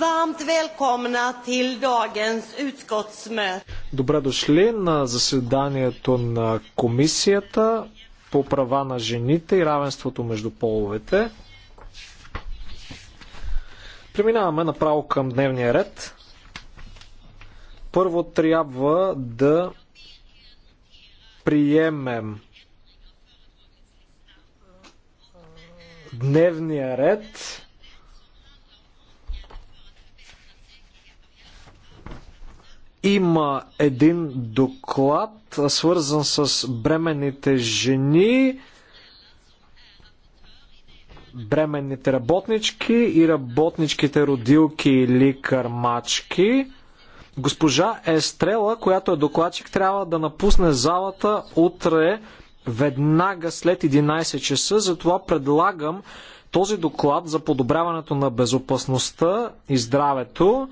Varmt välkomna till dagens utskottsmöte. Добре дошли на заседанието на комисията по права на жените и равенството между половете. Преминаваме направо към дневния ред. Първо трябва да приемем дневния ред има един доклад, свързан с бременните жени, бременните работнички и работничките родилки или кърмачки. Госпожа Естрела, която е докладчик, трябва да напусне залата утре веднага след 11 часа, затова предлагам този доклад за подобряването на безопасността и здравето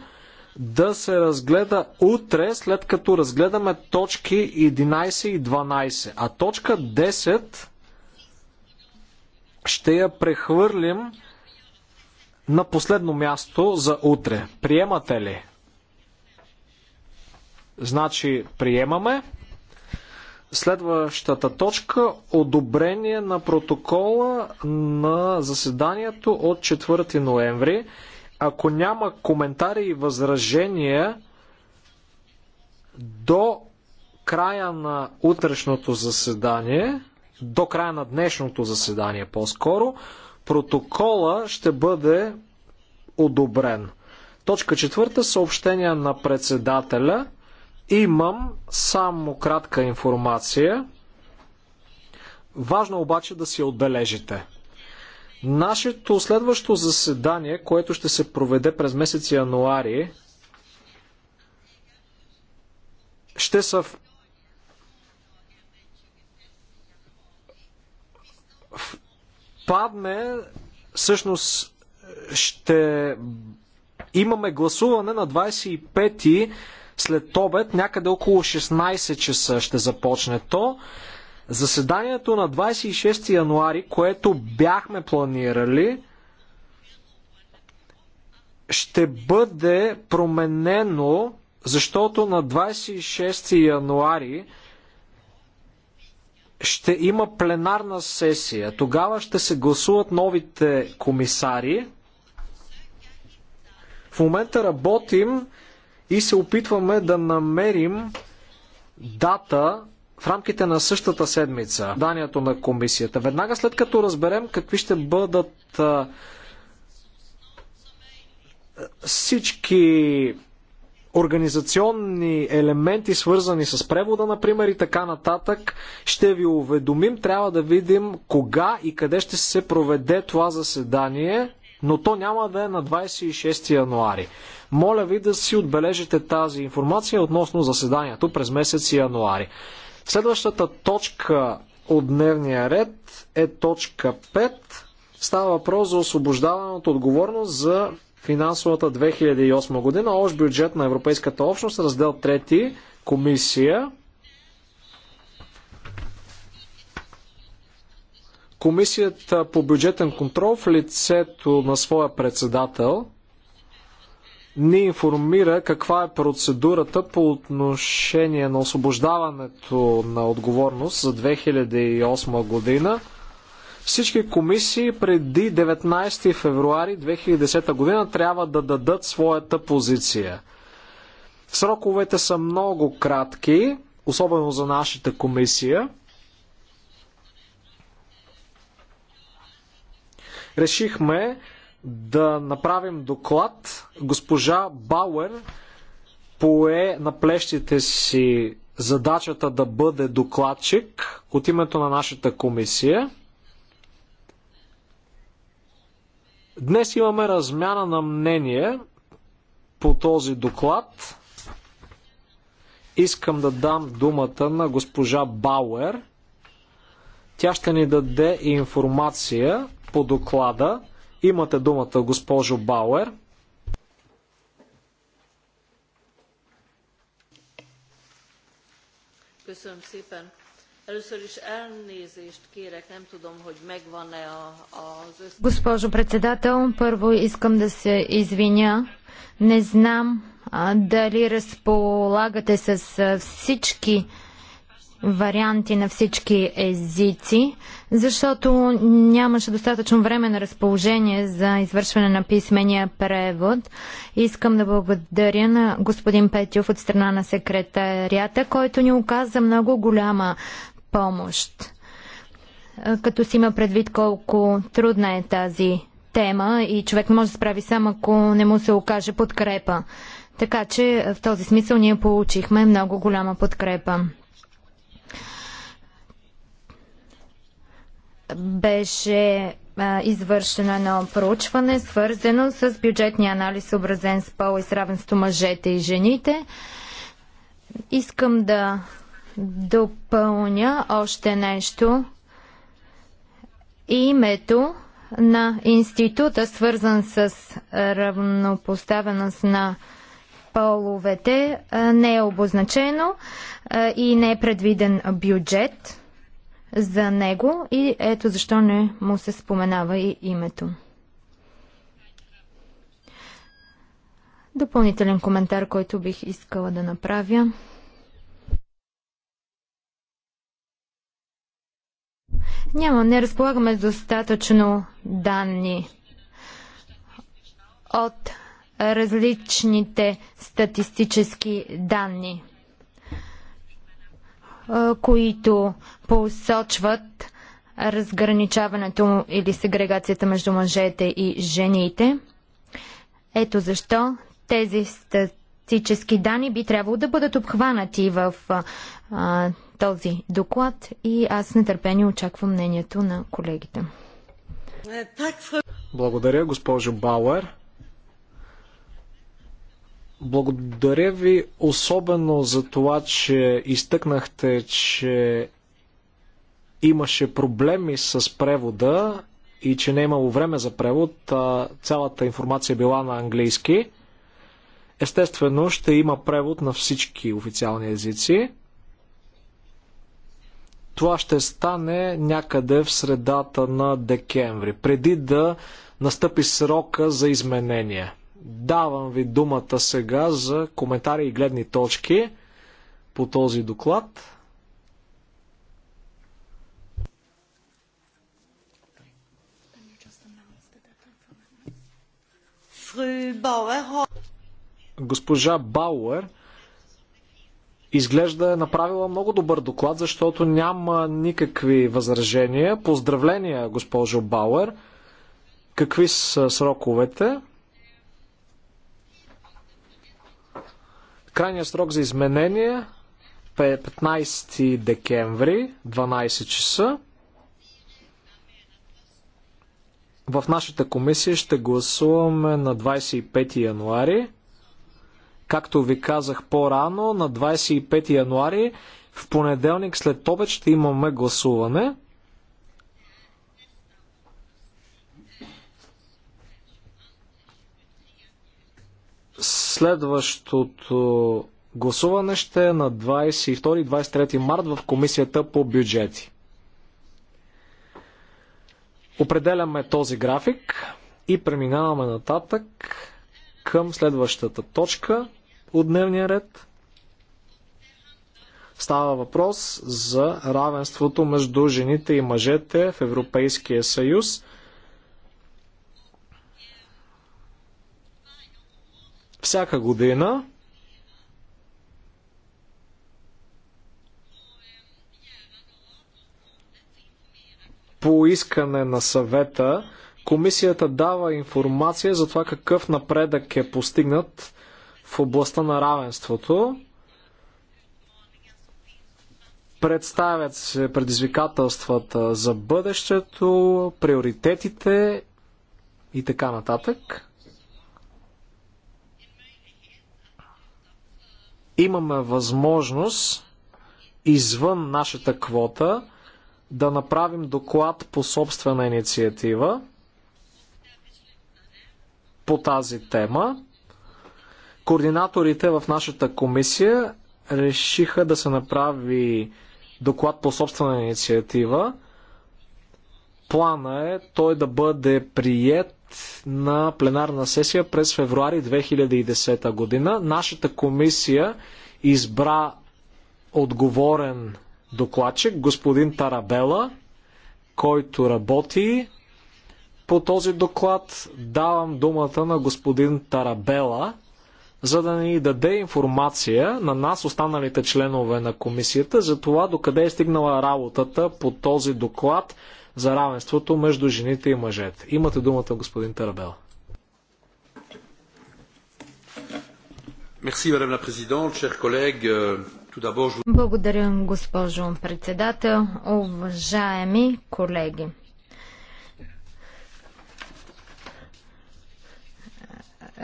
да се разгледа утре, след като разгледаме точки 11 и 12. А точка 10 ще я прехвърлим на последно място за утре. Приемате ли? Значи приемаме. Следващата точка одобрение на протокола на заседанието от 4 ноември. Ако няма коментари и възражения до края на утрешното заседание, до края на днешното заседание по-скоро, протокола ще бъде одобрен. Точка четвърта съобщение на председателя. Имам само кратка информация. Важно обаче да си отбележите. Нашето следващо заседание, което ще се проведе през месец януари, ще В падне, всъщност ще имаме гласуване на 25-ти след обед, някъде около 16 часа ще започне то. Заседанието на 26 януари, което бяхме планирали, ще бъде променено, защото на 26 януари ще има пленарна сесия. Тогава ще се гласуват новите комисари. В момента работим и се опитваме да намерим дата, в рамките на същата седмица данието на комисията. Веднага след като разберем какви ще бъдат всички организационни елементи, свързани с превода, например, и така нататък, ще ви уведомим. Трябва да видим кога и къде ще се проведе това заседание, но то няма да е на 26 януари. Моля ви да си отбележите тази информация относно заседанието през месец януари. Следващата точка от дневния ред е точка 5. Става въпрос за освобождаване от отговорност за финансовата 2008 година, общ бюджет на Европейската общност, раздел 3, комисия. Комисията по бюджетен контрол в лицето на своя председател – ни информира каква е процедурата по отношение на освобождаването на отговорност за 2008 година. Всички комисии преди 19 февруари 2010 година трябва да дадат своята позиция. Сроковете са много кратки, особено за нашата комисия. Решихме да направим доклад. Госпожа Бауер пое на плещите си задачата да бъде докладчик от името на нашата комисия. Днес имаме размяна на мнение по този доклад. Искам да дам думата на госпожа Бауер. Тя ще ни даде информация по доклада. Имате думата, госпожо Бауер. Köszönöm szépen. Először is elnézést kérek, nem tudom, hogy megvan-e az összes... Госпожо председател, първо искам да се извиня. Не знам дали разполагате с всички варианти на всички езици, защото нямаше достатъчно време на разположение за извършване на писмения превод. Искам да благодаря на господин Петюв от страна на секретарията, който ни оказа много голяма помощ. Като си има предвид колко трудна е тази тема и човек може да справи сам, ако не му се окаже подкрепа. Така че в този смисъл ние получихме много голяма подкрепа. беше извършено едно проучване, свързано с бюджетния анализ, образен с пол и с равенство мъжете и жените. Искам да допълня още нещо. Името на института, свързан с равнопоставеност на половете, не е обозначено и не е предвиден бюджет за него и ето защо не му се споменава и името. Допълнителен коментар, който бих искала да направя. Няма, не разполагаме достатъчно данни от различните статистически данни, които посочват разграничаването или сегрегацията между мъжете и жените. Ето защо тези статически данни би трябвало да бъдат обхванати в а, този доклад и аз с нетърпение очаквам мнението на колегите. Благодаря, госпожо Бауер. Благодаря ви особено за това, че изтъкнахте, че имаше проблеми с превода и че не е имало време за превод, а цялата информация била на английски. Естествено, ще има превод на всички официални езици. Това ще стане някъде в средата на декември, преди да настъпи срока за изменение. Давам ви думата сега за коментари и гледни точки по този доклад. Госпожа Бауер изглежда е направила много добър доклад, защото няма никакви възражения. Поздравления, госпожо Бауер. Какви са сроковете? Крайният срок за изменение 15 е декември, 12 часа. В нашата комисия ще гласуваме на 25 януари. Както ви казах по-рано, на 25 януари в понеделник след обед ще имаме гласуване. Следващото гласуване ще е на 22-23 март в комисията по бюджети. Определяме този график и преминаваме нататък към следващата точка от дневния ред. Става въпрос за равенството между жените и мъжете в Европейския съюз. Всяка година по искане на съвета комисията дава информация за това какъв напредък е постигнат в областта на равенството. Представят се предизвикателствата за бъдещето, приоритетите и така нататък. Имаме възможност извън нашата квота да направим доклад по собствена инициатива по тази тема. Координаторите в нашата комисия решиха да се направи доклад по собствена инициатива. Плана е той да бъде прият на пленарна сесия през февруари 2010 година. Нашата комисия избра отговорен докладчик, господин Тарабела, който работи по този доклад. Давам думата на господин Тарабела, за да ни даде информация на нас, останалите членове на комисията, за това докъде е стигнала работата по този доклад за равенството между жените и мъжете. Имате думата, господин Тарабела. Merci, Madame la Présidente, chers collègues. Благодаря, госпожо председател. Уважаеми колеги,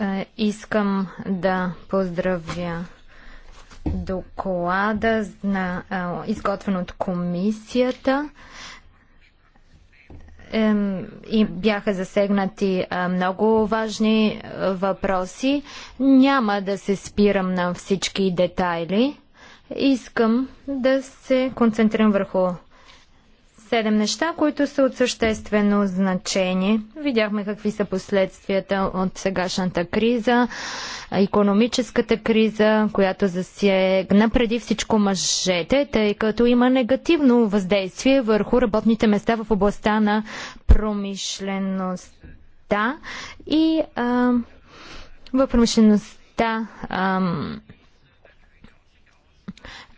е, искам да поздравя доклада на е, изготвен от комисията и бяха засегнати е, много важни въпроси. Няма да се спирам на всички детайли. Искам да се концентрирам върху седем неща, които са от съществено значение. Видяхме какви са последствията от сегашната криза, економическата криза, която засегна преди всичко мъжете, тъй като има негативно въздействие върху работните места в областта на промишлеността и а, в промишлеността. А,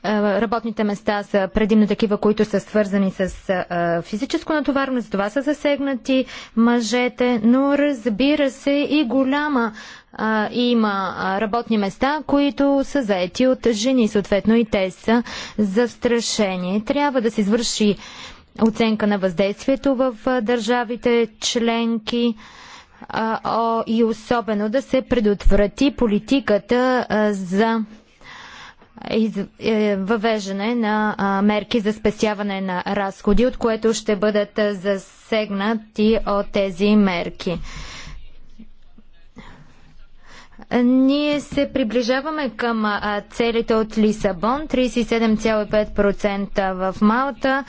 е, работните места са предимно такива, които са свързани с е, е, физическо натоварване, за това са засегнати мъжете, но разбира се и голяма има работни места, които са заети от жени, съответно и те са застрашени. Трябва да се извърши оценка на въздействието в държавите членки и особено да се предотврати политиката за е, въвеждане на мерки за спестяване на разходи, от което ще бъдат засегнати от тези мерки. Ние се приближаваме към целите от Лисабон. 37,5% в Малта,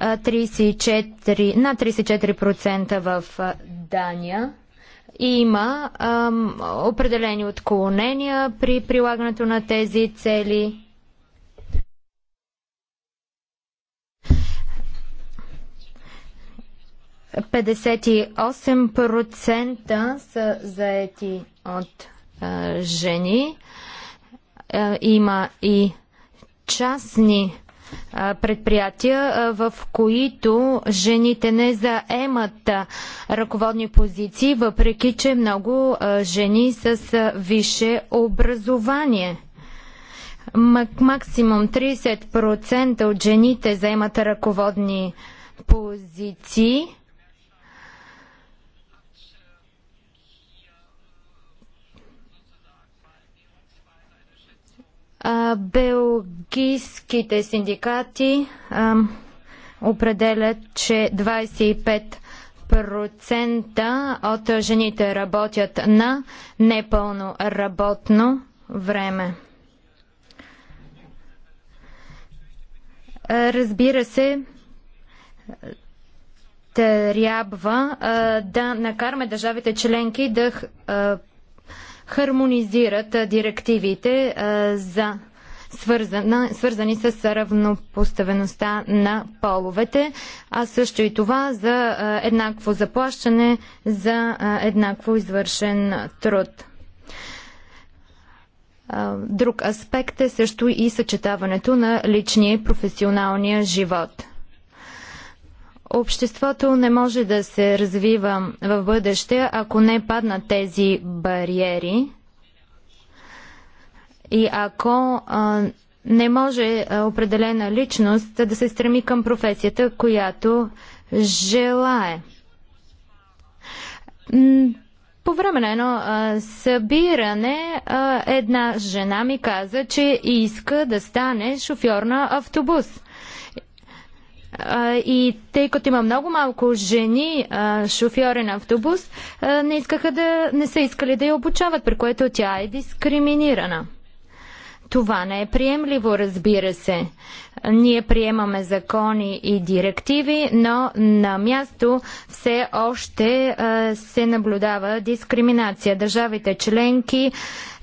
34, на 34% в Дания има ам, определени отклонения при прилагането на тези цели. процента са заети от а, жени. А, има и частни предприятия, в които жените не заемат ръководни позиции, въпреки че много жени с висше образование. Максимум 30% от жените заемат ръководни позиции белгийските синдикати определят, че 25% от жените работят на непълно работно време. Разбира се, трябва да накараме държавите членки да хармонизират директивите за свързана, свързани с равнопоставеността на половете, а също и това за еднакво заплащане за еднакво извършен труд. Друг аспект е също и съчетаването на личния и професионалния живот – Обществото не може да се развива в бъдеще, ако не паднат тези бариери и ако а, не може определена личност да се стреми към професията, която желае. По време на едно а, събиране а, една жена ми каза, че иска да стане шофьор на автобус. И тъй като има много малко жени шофьори на автобус, не, искаха да, не са искали да я обучават, при което тя е дискриминирана. Това не е приемливо, разбира се. Ние приемаме закони и директиви, но на място все още се наблюдава дискриминация. Държавите членки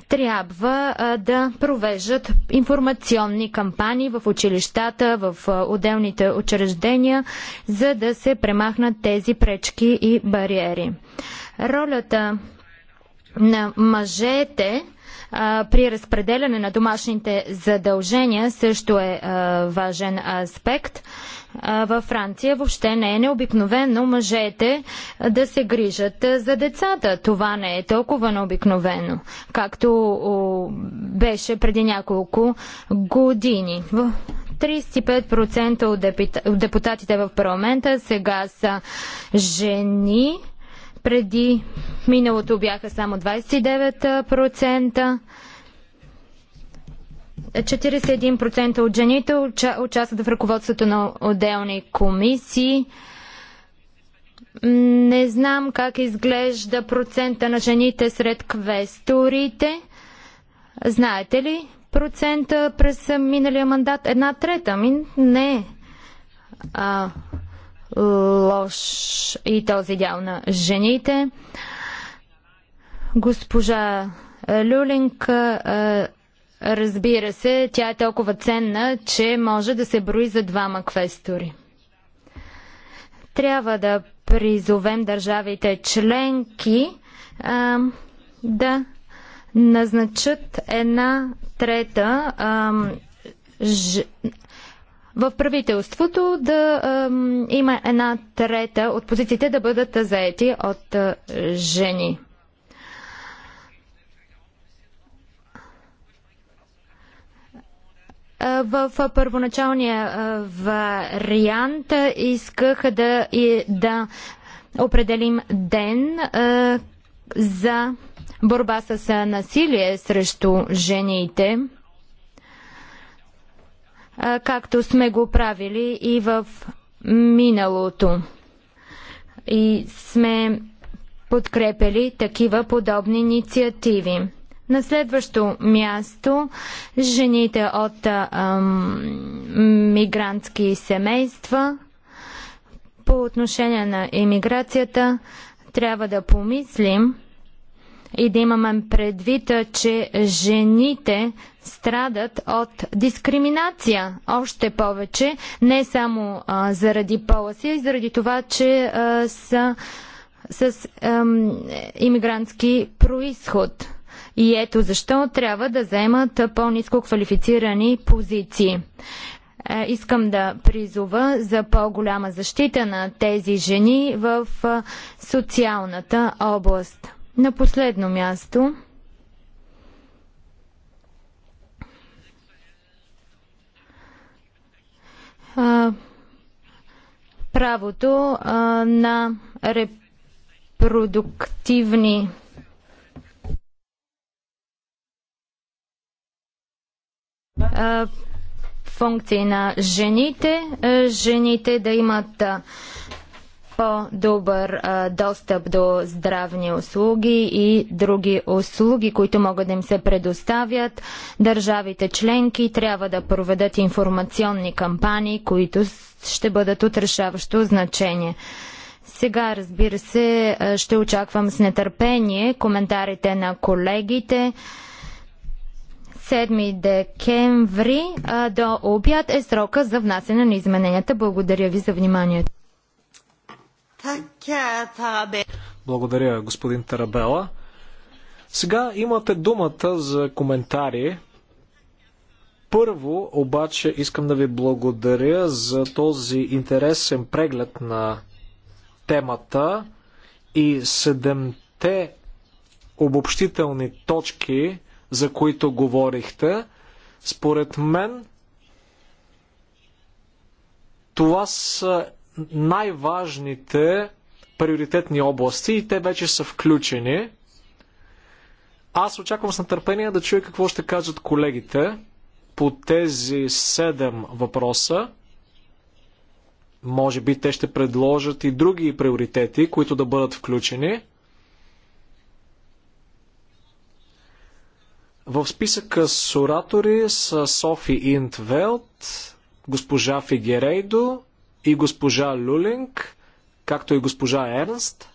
трябва да провеждат информационни кампании в училищата, в отделните учреждения, за да се премахнат тези пречки и бариери. Ролята на мъжете при разпределяне на домашните задължения също е важен аспект. във Франция въобще не е необикновено мъжете да се грижат за децата. Това не е толкова необикновено, както беше преди няколко години. 35% от депутатите в парламента сега са жени. Преди миналото бяха само 29%. 41% от жените участват в ръководството на отделни комисии. Не знам как изглежда процента на жените сред квесторите. Знаете ли процента през миналия мандат? Една трета. Ми не е лош и този дял на жените. Госпожа Люлинг, разбира се, тя е толкова ценна, че може да се брои за двама квестори. Трябва да призовем държавите членки а, да назначат една трета а, ж, в правителството да ем, има една трета от позициите да бъдат заети от е, жени. В първоначалния вариант исках да, и, да определим ден за борба с насилие срещу жените както сме го правили и в миналото. И сме подкрепили такива подобни инициативи. На следващо място жените от а, мигрантски семейства по отношение на иммиграцията трябва да помислим и да имаме предвид, че жените страдат от дискриминация още повече, не само а, заради пола си, а и заради това, че а, са с ам, иммигрантски происход. И ето защо трябва да вземат по-низко квалифицирани позиции. Е, искам да призова за по-голяма защита на тези жени в социалната област. На последно място а, правото а, на репродуктивни а, функции на жените, жените да имат по-добър достъп до здравни услуги и други услуги, които могат да им се предоставят. Държавите членки трябва да проведат информационни кампании, които ще бъдат от решаващо значение. Сега, разбира се, ще очаквам с нетърпение коментарите на колегите. 7 декември до обяд е срока за внасяне на измененията. Благодаря ви за вниманието. Благодаря, господин Тарабела. Сега имате думата за коментари. Първо, обаче, искам да ви благодаря за този интересен преглед на темата и седемте обобщителни точки, за които говорихте. Според мен, това са най-важните приоритетни области и те вече са включени. Аз очаквам с нетърпение да чуя какво ще кажат колегите по тези седем въпроса. Може би те ще предложат и други приоритети, които да бъдат включени. В списъка с оратори са Софи Интвелт, госпожа Фигерейдо, и госпожа Люлинг, както и госпожа Ернст.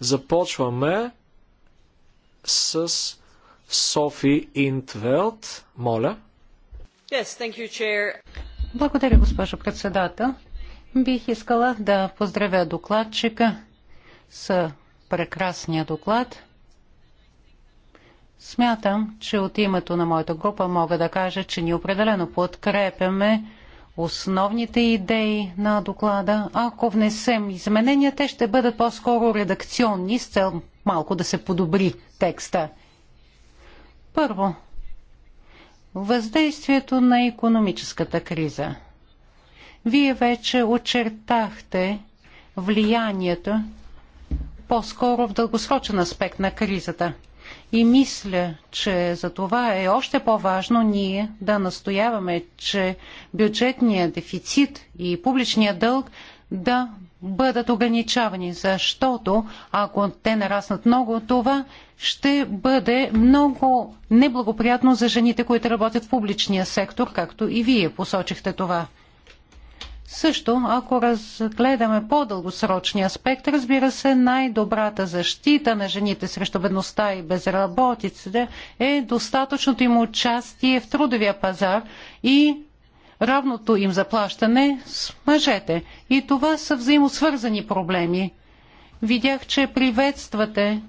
Започваме с Софи Интвелт. Моля. Yes, thank you, chair. Благодаря, госпожо председател. Бих искала да поздравя докладчика с прекрасния доклад. Смятам, че от името на моята група мога да кажа, че ни определено подкрепяме основните идеи на доклада. Ако внесем изменения, те ще бъдат по-скоро редакционни с цел малко да се подобри текста. Първо, въздействието на економическата криза. Вие вече очертахте влиянието по-скоро в дългосрочен аспект на кризата – и мисля, че за това е още по-важно ние да настояваме, че бюджетният дефицит и публичният дълг да бъдат ограничавани, защото ако те нараснат много, това ще бъде много неблагоприятно за жените, които работят в публичния сектор, както и вие посочихте това. Също, ако разгледаме по-дългосрочния аспект, разбира се, най-добрата защита на жените срещу бедността и безработицата е достатъчното им участие в трудовия пазар и равното им заплащане с мъжете. И това са взаимосвързани проблеми. Видях, че приветствате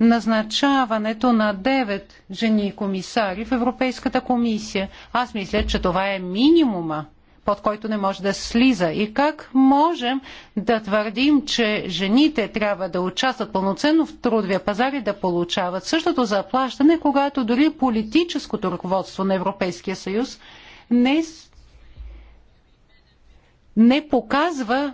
назначаването на 9 жени комисари в Европейската комисия. Аз мисля, че това е минимума под който не може да слиза. И как можем да твърдим, че жените трябва да участват пълноценно в трудовия пазар и да получават същото заплащане, когато дори политическото ръководство на Европейския съюз не, не показва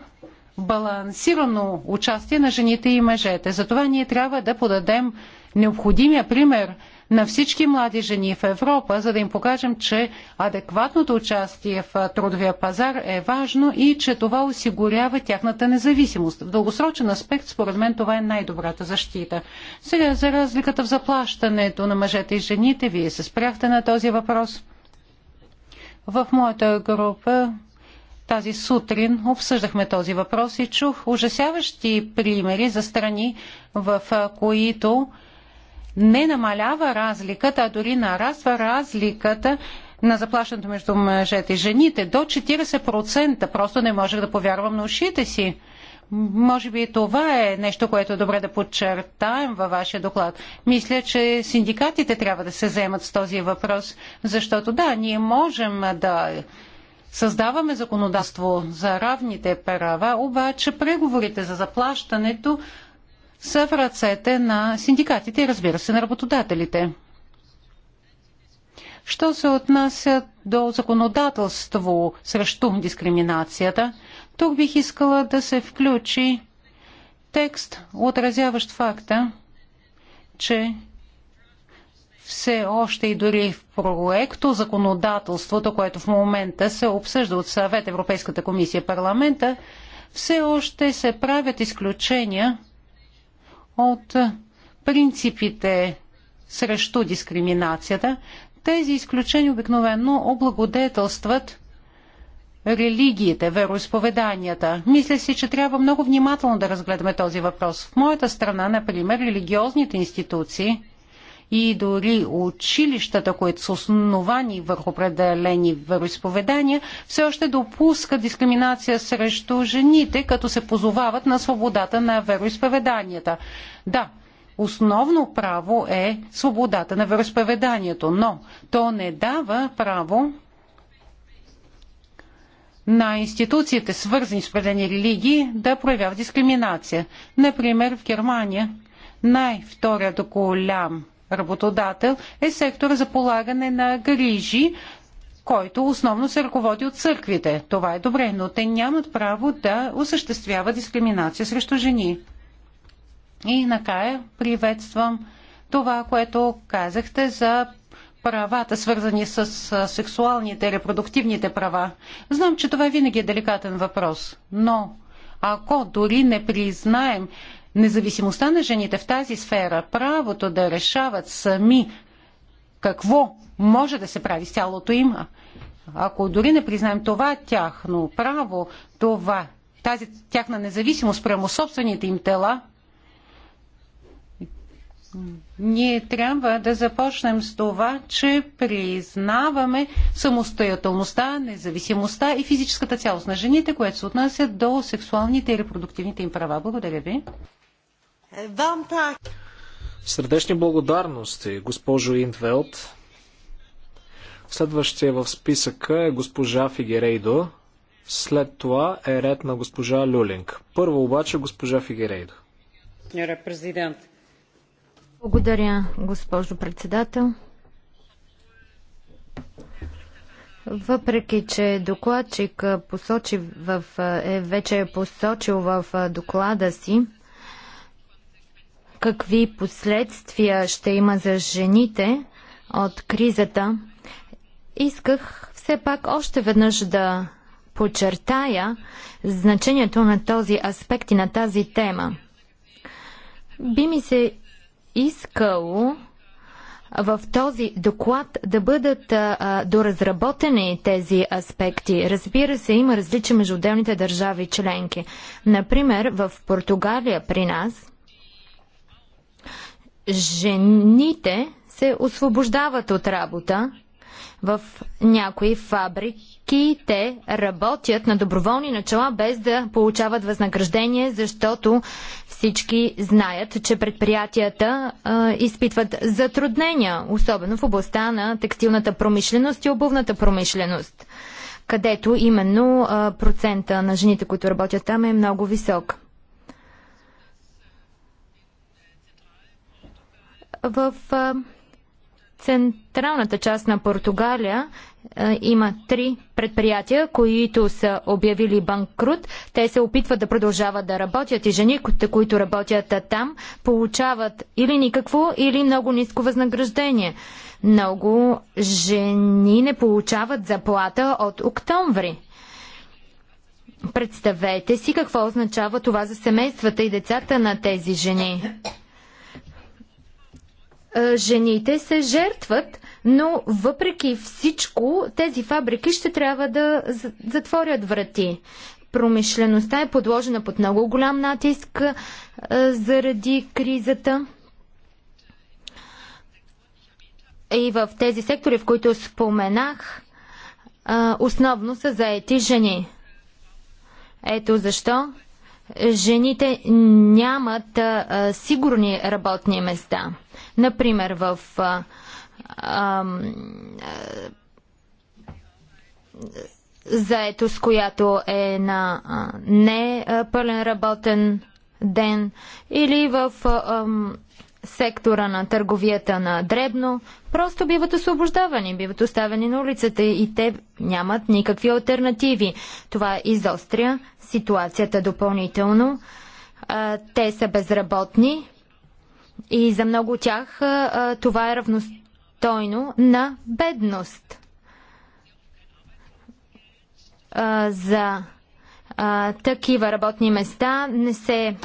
балансирано участие на жените и мъжете. Затова ние трябва да подадем необходимия пример на всички млади жени в Европа, за да им покажем, че адекватното участие в трудовия пазар е важно и че това осигурява тяхната независимост. В дългосрочен аспект, според мен, това е най-добрата защита. Сега за разликата в заплащането на мъжете и жените, вие се спряхте на този въпрос. В моята група тази сутрин обсъждахме този въпрос и чух ужасяващи примери за страни, в които не намалява разликата, а дори нараства разликата на заплащането между мъжете и жените до 40%. Просто не можех да повярвам на ушите си. Може би това е нещо, което е добре да подчертаем във вашия доклад. Мисля, че синдикатите трябва да се вземат с този въпрос, защото да, ние можем да създаваме законодателство за равните права, обаче преговорите за заплащането са в ръцете на синдикатите и разбира се на работодателите. Що се отнася до законодателство срещу дискриминацията, тук бих искала да се включи текст, отразяващ факта, че все още и дори в проекто законодателството, което в момента се обсъжда от съвет Европейската комисия и парламента, все още се правят изключения – от принципите срещу дискриминацията, тези изключения обикновено облагодетелстват религиите, вероисповеданията. Мисля си, че трябва много внимателно да разгледаме този въпрос. В моята страна, например, религиозните институции и дори училищата, които са основани върху определени вероисповедания, все още допуска дискриминация срещу жените, като се позовават на свободата на вероисповеданията. Да, основно право е свободата на вероисповеданието, но то не дава право на институциите, свързани с определени религии, да проявяват дискриминация. Например, в Германия най-вторият голям работодател е сектора за полагане на грижи, който основно се ръководи от църквите. Това е добре, но те нямат право да осъществяват дискриминация срещу жени. И накрая приветствам това, което казахте за правата, свързани с сексуалните и репродуктивните права. Знам, че това е винаги е деликатен въпрос, но ако дори не признаем, независимостта на жените в тази сфера, правото да решават сами какво може да се прави с тялото им, ако дори не признаем това тяхно право, това, тази тяхна независимост прямо собствените им тела, ние трябва да започнем с това, че признаваме самостоятелността, независимостта и физическата цялост на жените, което се отнася до сексуалните и репродуктивните им права. Благодаря ви. Вам так. Сърдечни благодарности, госпожо Интвелт. Следващия в списъка е госпожа Фигерейдо. След това е ред на госпожа Люлинг. Първо обаче госпожа Фигерейдо. Благодаря, госпожо председател. Въпреки, че докладчик посочи в, е, вече е посочил в е, доклада си, какви последствия ще има за жените от кризата, исках все пак още веднъж да подчертая значението на този аспект и на тази тема. Би ми се искало в този доклад да бъдат а, доразработени тези аспекти. Разбира се, има различия между отделните държави членки. Например, в Португалия при нас жените се освобождават от работа. В някои фабрики те работят на доброволни начала, без да получават възнаграждение, защото всички знаят, че предприятията а, изпитват затруднения, особено в областта на текстилната промишленост и обувната промишленост, където именно а, процента на жените, които работят там е много висок. в централната част на Португалия има три предприятия, които са обявили банкрут. Те се опитват да продължават да работят и жените, които работят там, получават или никакво, или много ниско възнаграждение. Много жени не получават заплата от октомври. Представете си какво означава това за семействата и децата на тези жени. Е, жените се жертват, но въпреки всичко тези фабрики ще трябва да затворят врати. Промишлеността е подложена под много голям натиск а, е, заради кризата. И в тези сектори, в които споменах, а, е, основно са заети жени. Ето защо жените нямат а, сигурни работни места. Например, в а, а, заетост, която е на не пълен работен ден или в а, сектора на търговията на дребно, просто биват освобождавани, биват оставени на улицата и те нямат никакви альтернативи. Това изостря ситуацията допълнително. А, те са безработни, и за много от тях това е равностойно на бедност. за такива работни места не се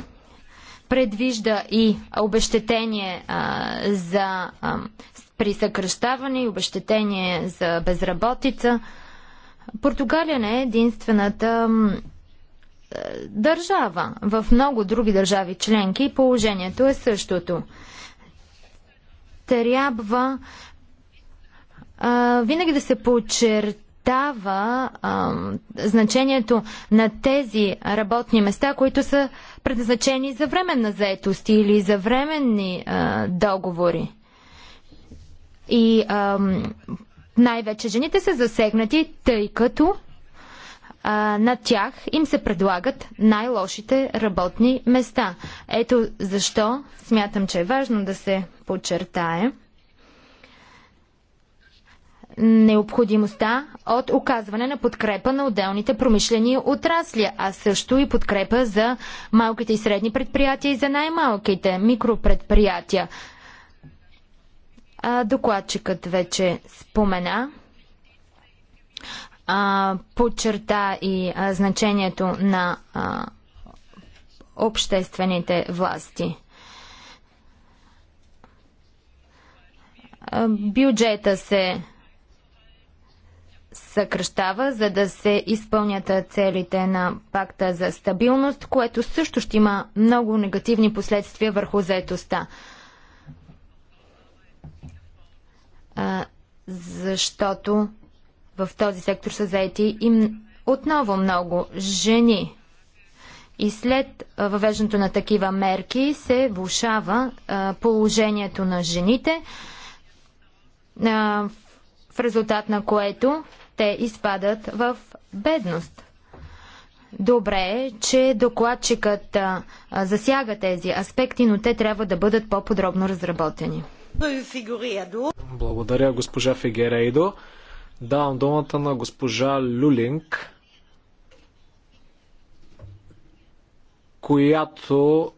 предвижда и обещетение за при съкръщаване и обещетение за безработица. Португалия не е единствената държава. В много други държави членки положението е същото. Трябва а, винаги да се подчертава а, значението на тези работни места, които са предназначени за временна заетост или за временни а, договори. И а, най-вече жените са засегнати, тъй като а, на тях им се предлагат най-лошите работни места. Ето защо смятам, че е важно да се подчертае необходимостта от оказване на подкрепа на отделните промишлени отрасли, а също и подкрепа за малките и средни предприятия и за най-малките микропредприятия. Докладчикът вече спомена а, подчерта и а, значението на а, обществените власти. Бюджета се съкръщава, за да се изпълнят целите на пакта за стабилност, което също ще има много негативни последствия върху заетостта. Защото в този сектор са заети и отново много жени. И след въвеждането на такива мерки се влушава положението на жените, в резултат на което те изпадат в бедност. Добре е, че докладчикът засяга тези аспекти, но те трябва да бъдат по-подробно разработени. Благодаря, госпожа Фигерейдо. Давам думата на госпожа Люлинг, която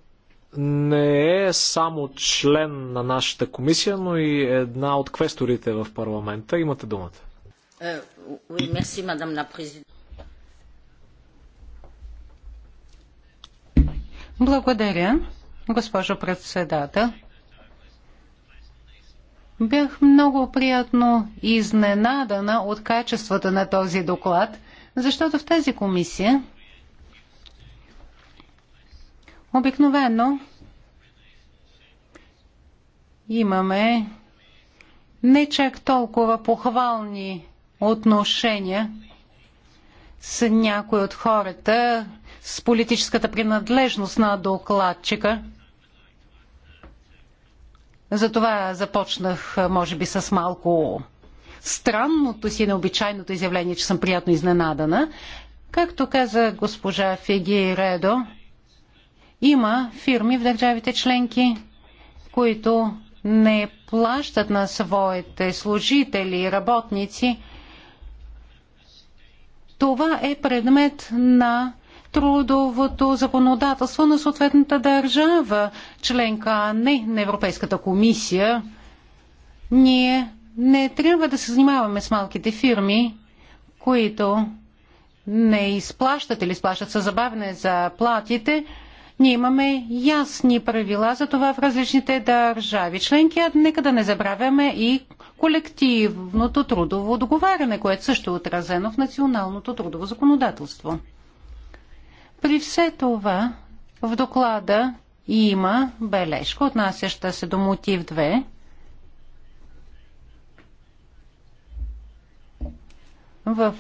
не е само член на нашата комисия, но и една от квесторите в парламента. Имате думата. Е, Благодаря, госпожо председател. Бях много приятно изненадана от качествата на този доклад, защото в тази комисия обикновено имаме не чак толкова похвални отношения с някои от хората с политическата принадлежност на докладчика – затова започнах, може би, с малко странното си, необичайното изявление, че съм приятно изненадана. Както каза госпожа Феги Редо, има фирми в държавите членки, които не плащат на своите служители и работници. Това е предмет на трудовото законодателство на съответната държава, членка, а не на Европейската комисия. Ние не трябва да се занимаваме с малките фирми, които не изплащат или изплащат със забавене за платите. Ние имаме ясни правила за това в различните държави членки, а нека да не забравяме и колективното трудово договаряне, което също е отразено в националното трудово законодателство. При все това в доклада има бележка, отнасяща се до мотив 2. в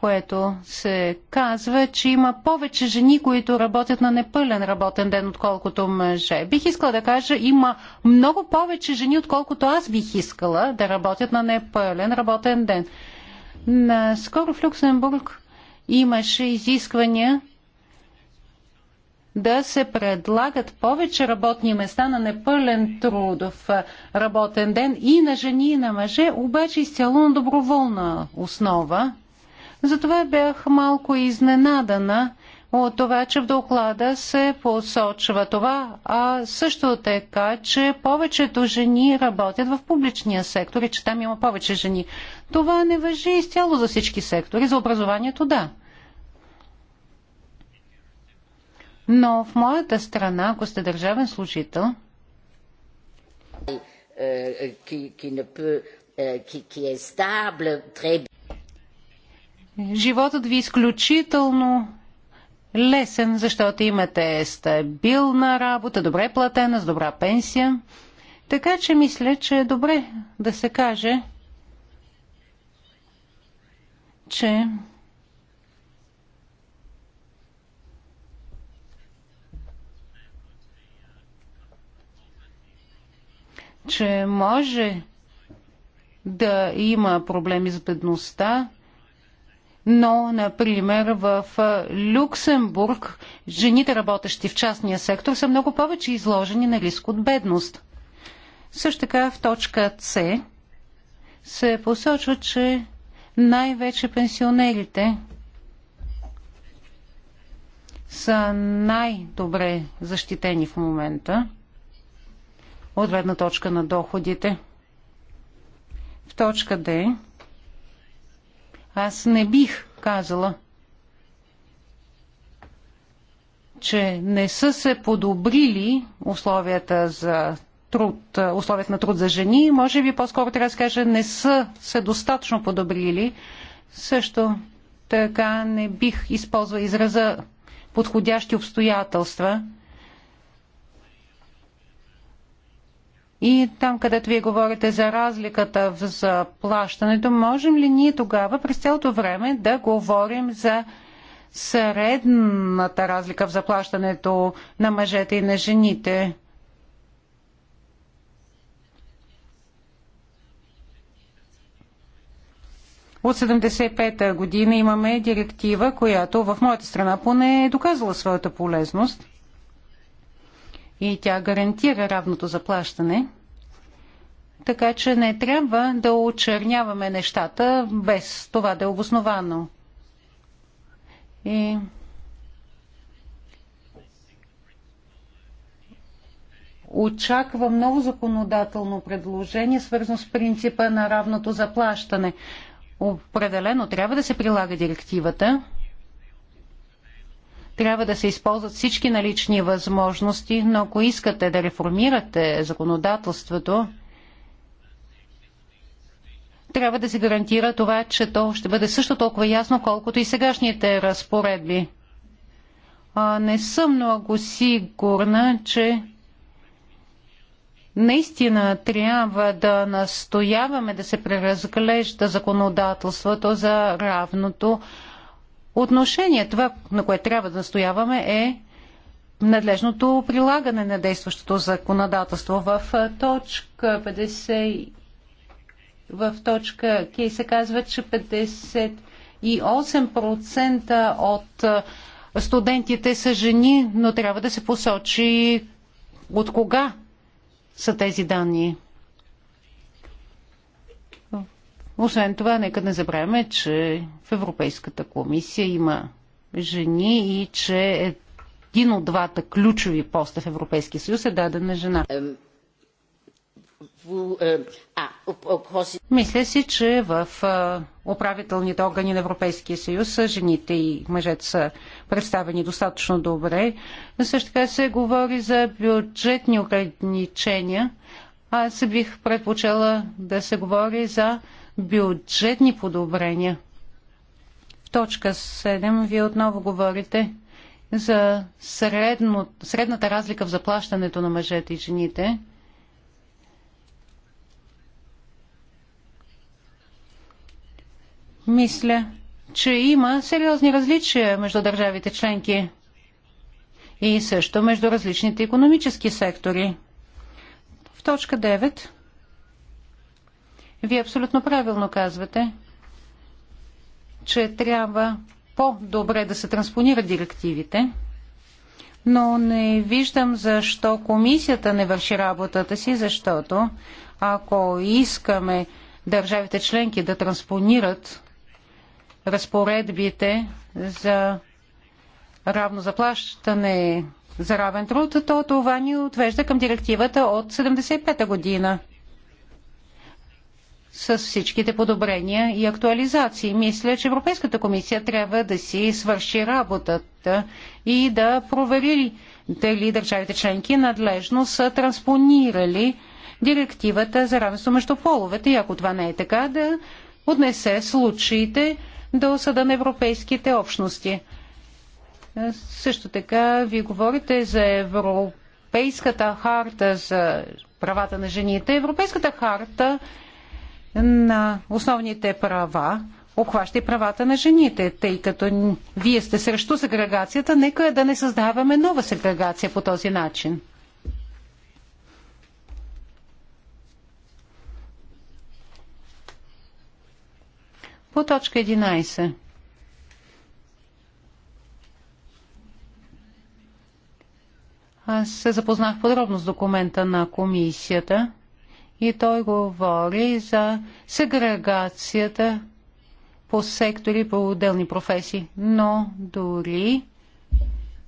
което се казва, че има повече жени, които работят на непълен работен ден, отколкото мъже. Бих искала да кажа, има много повече жени, отколкото аз бих искала да работят на непълен работен ден. Наскоро в Люксембург имаше изисквания да се предлагат повече работни места на непълен трудов работен ден и на жени, и на мъже, обаче изцяло на доброволна основа. Затова бях малко изненадана от това, че в доклада се посочва това, а също така, че повечето жени работят в публичния сектор и че там има повече жени. Това не въжи изцяло за всички сектори, за образованието да. Но в моята страна, ако сте държавен служител, животът ви е изключително лесен, защото имате стабилна работа, добре платена, с добра пенсия. Така че мисля, че е добре да се каже, че че може да има проблеми с бедността, но, например, в Люксембург жените, работещи в частния сектор, са много повече изложени на риск от бедност. Също така в точка С се посочва, че най-вече пенсионерите са най-добре защитени в момента от гледна точка на доходите. В точка Д аз не бих казала, че не са се подобрили условията за труд, условията на труд за жени, може би по-скоро трябва да кажа, не са се достатъчно подобрили. Също така не бих използвал израза подходящи обстоятелства – И там, където вие говорите за разликата в заплащането, можем ли ние тогава през цялото време да говорим за средната разлика в заплащането на мъжете и на жените? От 75-та година имаме директива, която в моята страна поне е доказала своята полезност и тя гарантира равното заплащане. Така че не трябва да очерняваме нещата без това да е обосновано. И очаквам много законодателно предложение, свързано с принципа на равното заплащане. Определено трябва да се прилага директивата трябва да се използват всички налични възможности, но ако искате да реформирате законодателството, трябва да се гарантира това, че то ще бъде също толкова ясно, колкото и сегашните разпоредби. А, не съм много сигурна, че наистина трябва да настояваме да се преразглежда законодателството за равното отношение. Това, на което трябва да настояваме е надлежното прилагане на действащото законодателство. В точка 50 в точка Кей се казва, че 58% от студентите са жени, но трябва да се посочи от кога са тези данни. Освен това, нека не забравяме, че в Европейската комисия има жени и че един от двата ключови поста в Европейския съюз е даден на жена. Мисля си, че в управителните органи на Европейския съюз жените и мъжете са представени достатъчно добре. Също така се говори за бюджетни ограничения. Аз бих предпочела да се говори за бюджетни подобрения. В точка 7 вие отново говорите за средно, средната разлика в заплащането на мъжете и жените. Мисля, че има сериозни различия между държавите членки и също между различните економически сектори. В точка 9 вие абсолютно правилно казвате, че трябва по-добре да се транспонират директивите, но не виждам защо комисията не върши работата си, защото ако искаме държавите членки да транспонират разпоредбите за равно заплащане за равен труд, то това ни отвежда към директивата от 75-та година с всичките подобрения и актуализации. Мисля, че Европейската комисия трябва да си свърши работата и да провери дали държавите членки надлежно са транспонирали директивата за равенство между половете и ако това не е така, да отнесе случаите до съда на европейските общности. Също така ви говорите за Европейската харта за правата на жените. Европейската харта на основните права обхваща и правата на жените, тъй като вие сте срещу сегрегацията, нека да не създаваме нова сегрегация по този начин. По точка 11. Аз се запознах подробно с документа на комисията и той говори за сегрегацията по сектори, по отделни професии. Но дори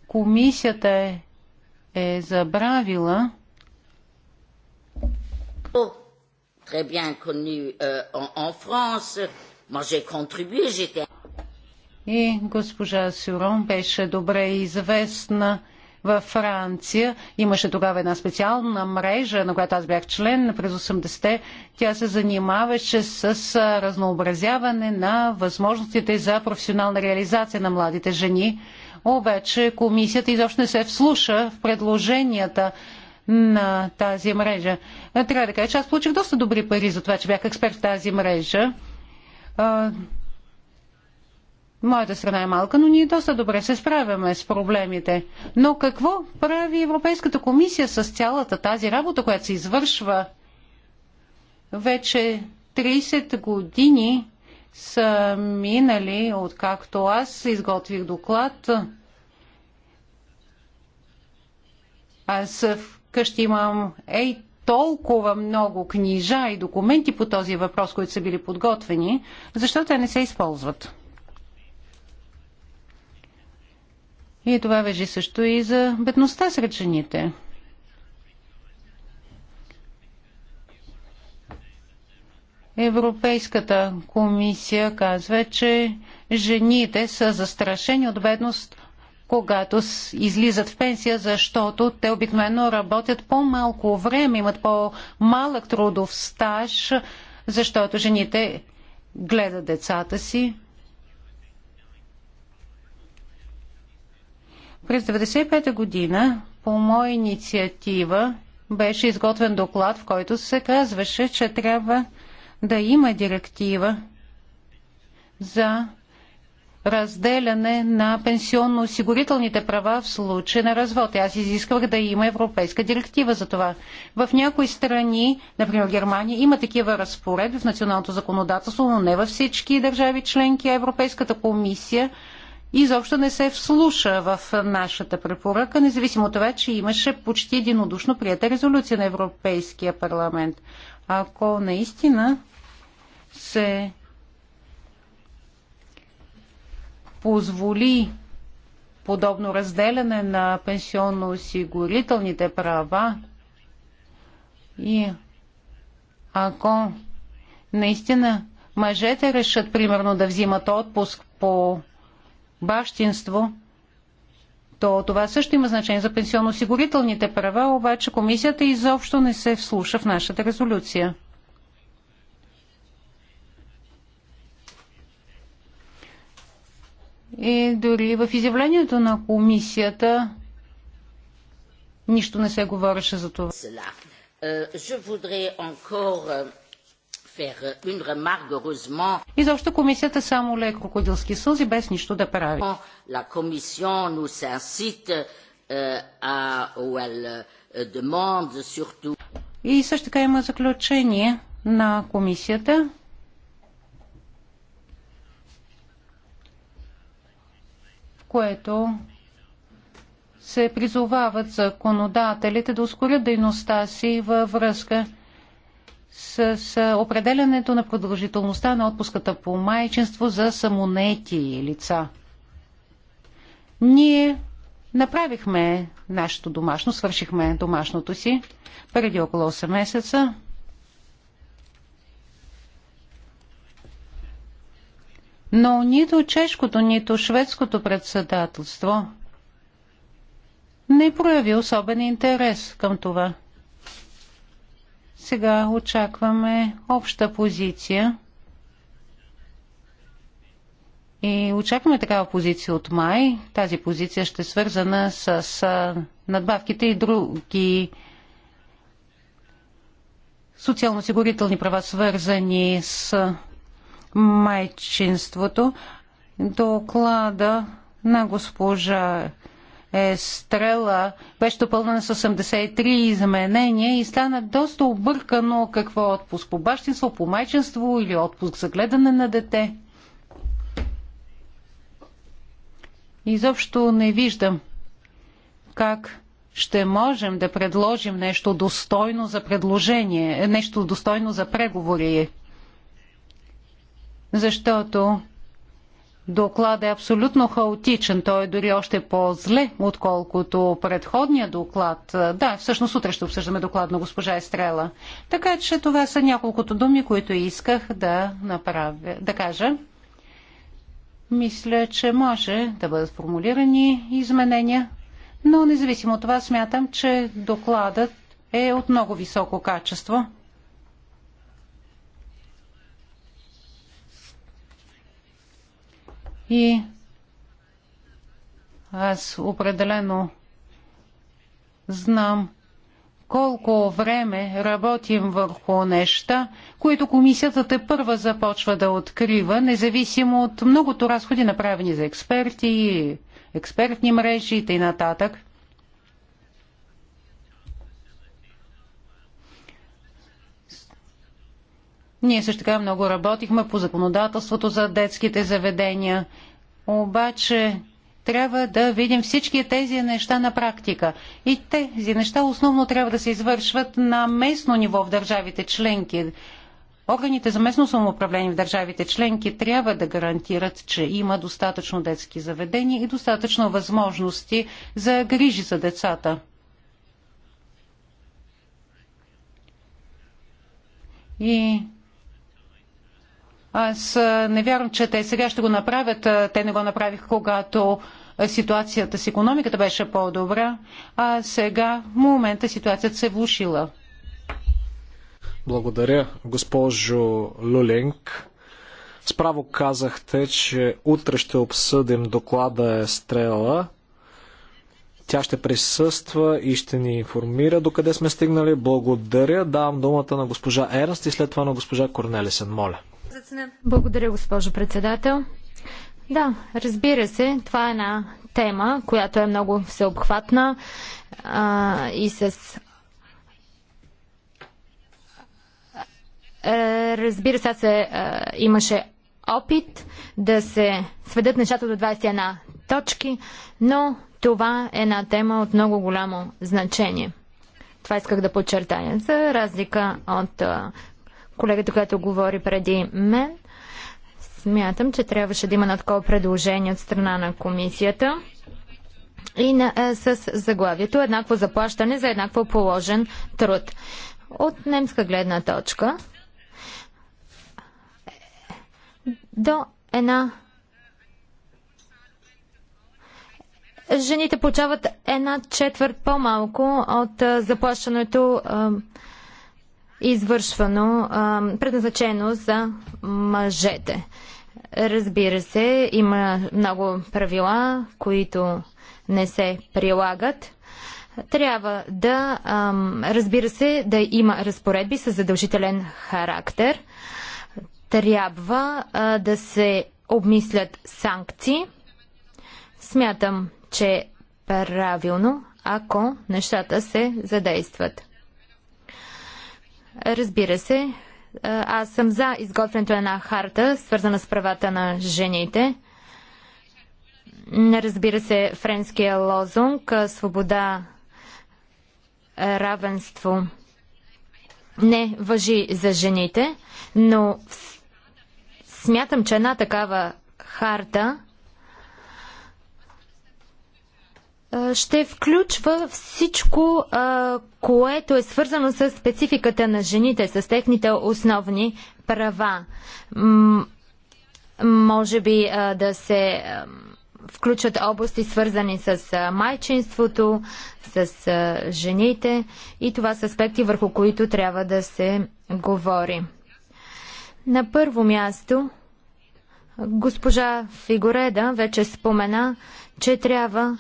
комисията е, е забравила très bien connu euh, en, France. Moi, j'ai contribué, j'étais. И госпожа Сюрон беше добре известна във Франция имаше тогава една специална мрежа, на която аз бях член през 80-те. Тя се занимаваше с разнообразяване на възможностите за професионална реализация на младите жени. Обаче комисията изобщо не се вслуша в предложенията на тази мрежа. Е, трябва да кажа, че аз получих доста добри пари за това, че бях експерт в тази мрежа Моята страна е малка, но ние доста добре се справяме с проблемите. Но какво прави Европейската комисия с цялата тази работа, която се извършва? Вече 30 години са минали, откакто аз изготвих доклад. Аз вкъщи имам ей толкова много книжа и документи по този въпрос, които са били подготвени, защото те не се използват. И това въжи също и за бедността сред жените. Европейската комисия казва, че жените са застрашени от бедност, когато излизат в пенсия, защото те обикновено работят по-малко време, имат по-малък трудов стаж, защото жените гледат децата си, През 1995 година по моя инициатива беше изготвен доклад, в който се казваше, че трябва да има директива за разделяне на пенсионно-осигурителните права в случай на развод. И аз изисквах да има европейска директива за това. В някои страни, например Германия, има такива разпоредби в националното законодателство, но не във всички държави членки, а Европейската комисия – изобщо не се вслуша в нашата препоръка, независимо от това, че имаше почти единодушно прията резолюция на Европейския парламент. Ако наистина се позволи подобно разделяне на пенсионно-осигурителните права и ако наистина мъжете решат примерно да взимат отпуск по бащинство, то това също има значение за пенсионно-осигурителните права, обаче комисията изобщо не се вслуша в нашата резолюция. И дори в изявлението на комисията нищо не се говореше за това. Изобщо комисията само ле крокодилски сълзи, без нищо да прави. La commission nous incite euh, à, ou elle euh, demande surtout... И също така има заключение на комисията, в което се призовават законодателите да ускорят дейността си във връзка с определянето на продължителността на отпуската по майчинство за самонети лица. Ние направихме нашето домашно, свършихме домашното си преди около 8 месеца. Но нито чешкото, нито шведското председателство не прояви особен интерес към това. Сега очакваме обща позиция и очакваме такава позиция от май. Тази позиция ще е свързана с, с надбавките и други социално-осигурителни права, свързани с майчинството. Доклада на госпожа е стрела беше допълнена с 83 изменения и стана доста объркано какво е отпуск по бащинство, по майчинство или отпуск за гледане на дете. Изобщо не виждам как ще можем да предложим нещо достойно за предложение, нещо достойно за преговори. Защото Докладът е абсолютно хаотичен. Той е дори още по-зле, отколкото предходния доклад. Да, всъщност утре ще обсъждаме доклад на госпожа Естрела. Така че това са няколкото думи, които исках да направя, да кажа. Мисля, че може да бъдат формулирани изменения, но независимо от това смятам, че докладът е от много високо качество. И аз определено знам колко време работим върху неща, които комисията те първа започва да открива, независимо от многото разходи направени за експерти, експертни мрежи и нататък. Ние също така много работихме по законодателството за детските заведения. Обаче трябва да видим всички тези неща на практика. И тези неща основно трябва да се извършват на местно ниво в държавите членки. Органите за местно самоуправление в държавите членки трябва да гарантират, че има достатъчно детски заведения и достатъчно възможности за грижи за децата. И аз не вярвам, че те сега ще го направят. Те не го направих, когато ситуацията с економиката беше по-добра, а сега в момента ситуацията се е влушила. Благодаря, госпожо Люлинг. Справо казахте, че утре ще обсъдим доклада Естрела. Тя ще присъства и ще ни информира докъде сме стигнали. Благодаря. Давам думата на госпожа Ернст и след това на госпожа Корнелисен. Моля. Благодаря, госпожо председател. Да, разбира се, това е една тема, която е много всеобхватна а, и с. разбира се, се а, имаше опит да се сведат нещата до 21 точки, но това е една тема от много голямо значение. Това исках да подчертая. За разлика от а, колегата, която говори преди мен. Смятам, че трябваше да има на такова предложение от страна на комисията и на, е, с заглавието еднакво заплащане за еднакво положен труд. От немска гледна точка до една жените получават една четвърт по-малко от е, заплащането е, извършвано, предназначено за мъжете. Разбира се, има много правила, които не се прилагат. Трябва да, разбира се, да има разпоредби с задължителен характер. Трябва да се обмислят санкции. Смятам, че е правилно, ако нещата се задействат. Разбира се, аз съм за изготвянето на една харта, свързана с правата на жените. Разбира се, френския лозунг свобода, равенство не въжи за жените, но смятам, че една такава харта ще включва всичко, което е свързано с спецификата на жените, с техните основни права. Може би да се включат области свързани с майчинството, с жените и това са аспекти, върху които трябва да се говори. На първо място, госпожа Фигореда вече спомена, че трябва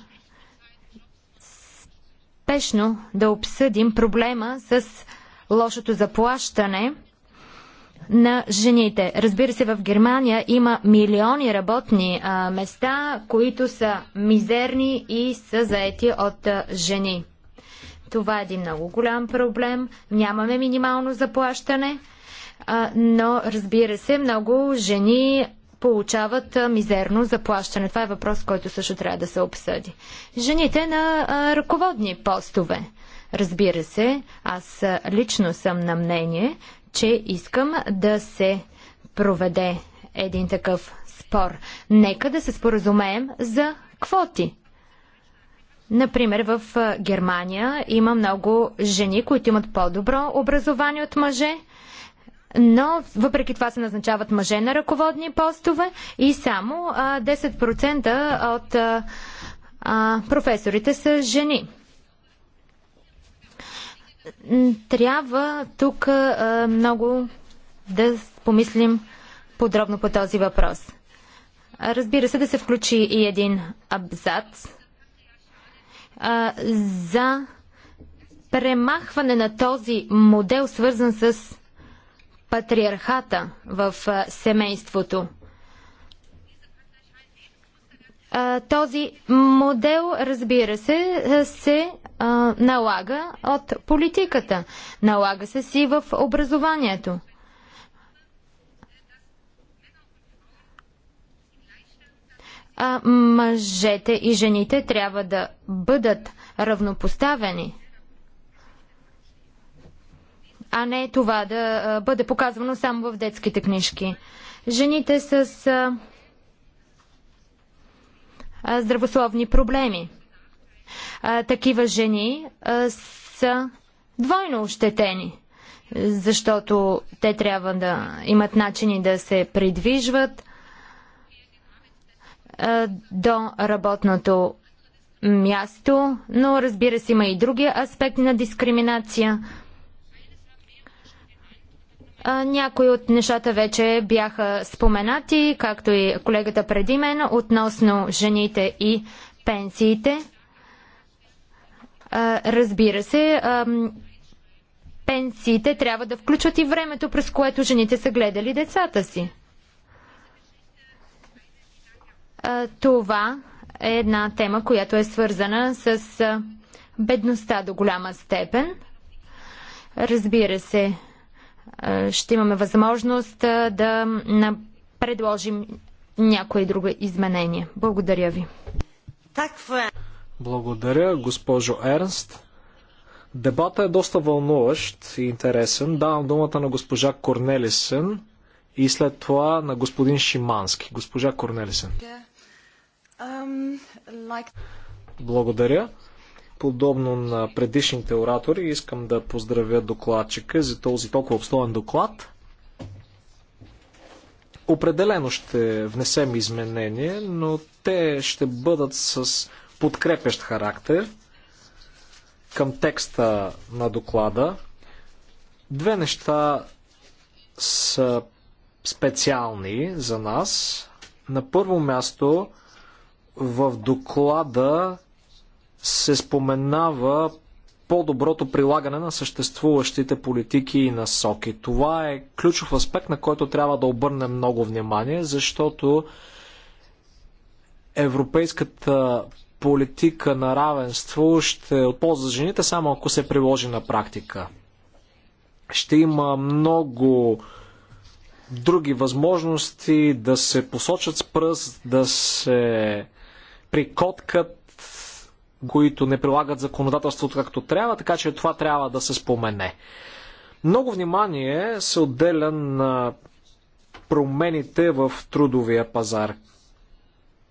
спешно да обсъдим проблема с лошото заплащане на жените. Разбира се, в Германия има милиони работни а, места, които са мизерни и са заети от а, жени. Това е един много голям проблем. Нямаме минимално заплащане, а, но разбира се, много жени получават мизерно заплащане. Това е въпрос, който също трябва да се обсъди. Жените на ръководни постове. Разбира се, аз лично съм на мнение, че искам да се проведе един такъв спор. Нека да се споразумеем за квоти. Например, в Германия има много жени, които имат по-добро образование от мъже – но въпреки това се назначават мъже на ръководни постове и само а, 10% от а, а, професорите са жени. Трябва тук а, много да помислим подробно по този въпрос. Разбира се, да се включи и един абзац а, за премахване на този модел, свързан с патриархата в семейството. Този модел, разбира се, се налага от политиката, налага се си в образованието. А мъжете и жените трябва да бъдат равнопоставени а не това да бъде показвано само в детските книжки. Жените с здравословни проблеми. Такива жени са двойно ощетени, защото те трябва да имат начини да се придвижват до работното място, но разбира се има и други аспекти на дискриминация – някои от нещата вече бяха споменати, както и колегата преди мен, относно жените и пенсиите. Разбира се, пенсиите трябва да включват и времето, през което жените са гледали децата си. Това е една тема, която е свързана с бедността до голяма степен. Разбира се, ще имаме възможност да предложим някои друго изменение. Благодаря ви. Благодаря, госпожо Ернст. Дебата е доста вълнуващ и интересен. Давам думата на госпожа Корнелисен и след това на господин Шимански. Госпожа Корнелисен. Е, Благодаря. Подобно на предишните оратори, искам да поздравя докладчика за този толкова обстоен доклад. Определено ще внесем изменения, но те ще бъдат с подкрепящ характер към текста на доклада. Две неща са специални за нас. На първо място в доклада се споменава по-доброто прилагане на съществуващите политики и насоки. Това е ключов аспект, на който трябва да обърнем много внимание, защото европейската политика на равенство ще е от полза жените само ако се приложи на практика. Ще има много други възможности да се посочат с пръст, да се прикоткат които не прилагат законодателството както трябва, така че това трябва да се спомене. Много внимание се отделя на промените в трудовия пазар.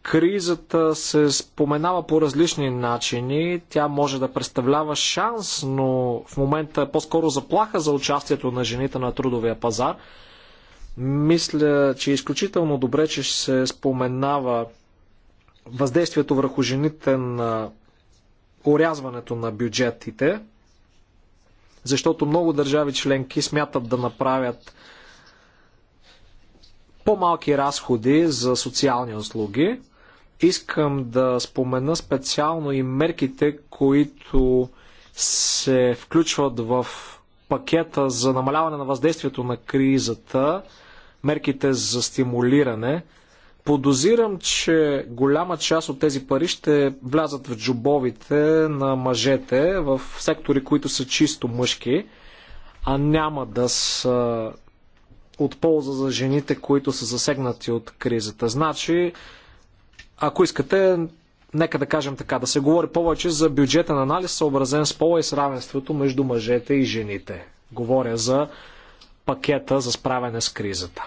Кризата се споменава по различни начини. Тя може да представлява шанс, но в момента е по-скоро заплаха за участието на жените на трудовия пазар. Мисля, че е изключително добре, че ще се споменава въздействието върху жените на орязването на бюджетите, защото много държави членки смятат да направят по-малки разходи за социални услуги. Искам да спомена специално и мерките, които се включват в пакета за намаляване на въздействието на кризата, мерките за стимулиране – Подозирам, че голяма част от тези пари ще влязат в джобовите на мъжете в сектори, които са чисто мъжки, а няма да са от полза за жените, които са засегнати от кризата. Значи, ако искате, нека да кажем така, да се говори повече за бюджетен анализ, съобразен с пола и с равенството между мъжете и жените. Говоря за пакета за справяне с кризата.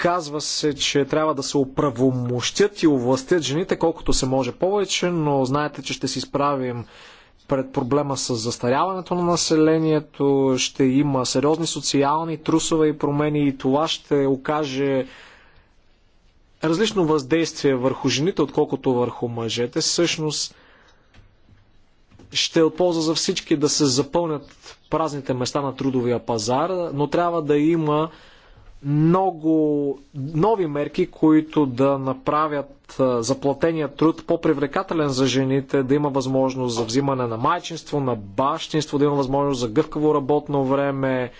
Казва се, че трябва да се оправомощят и овластят жените колкото се може повече, но знаете, че ще си справим пред проблема с застаряването на населението, ще има сериозни социални трусове и промени и това ще окаже различно въздействие върху жените, отколкото върху мъжете. Същност ще е от полза за всички да се запълнят празните места на трудовия пазар, но трябва да има много нови мерки, които да направят заплатения труд по-привлекателен за жените, да има възможност за взимане на майчинство, на бащинство, да има възможност за гъвкаво работно време,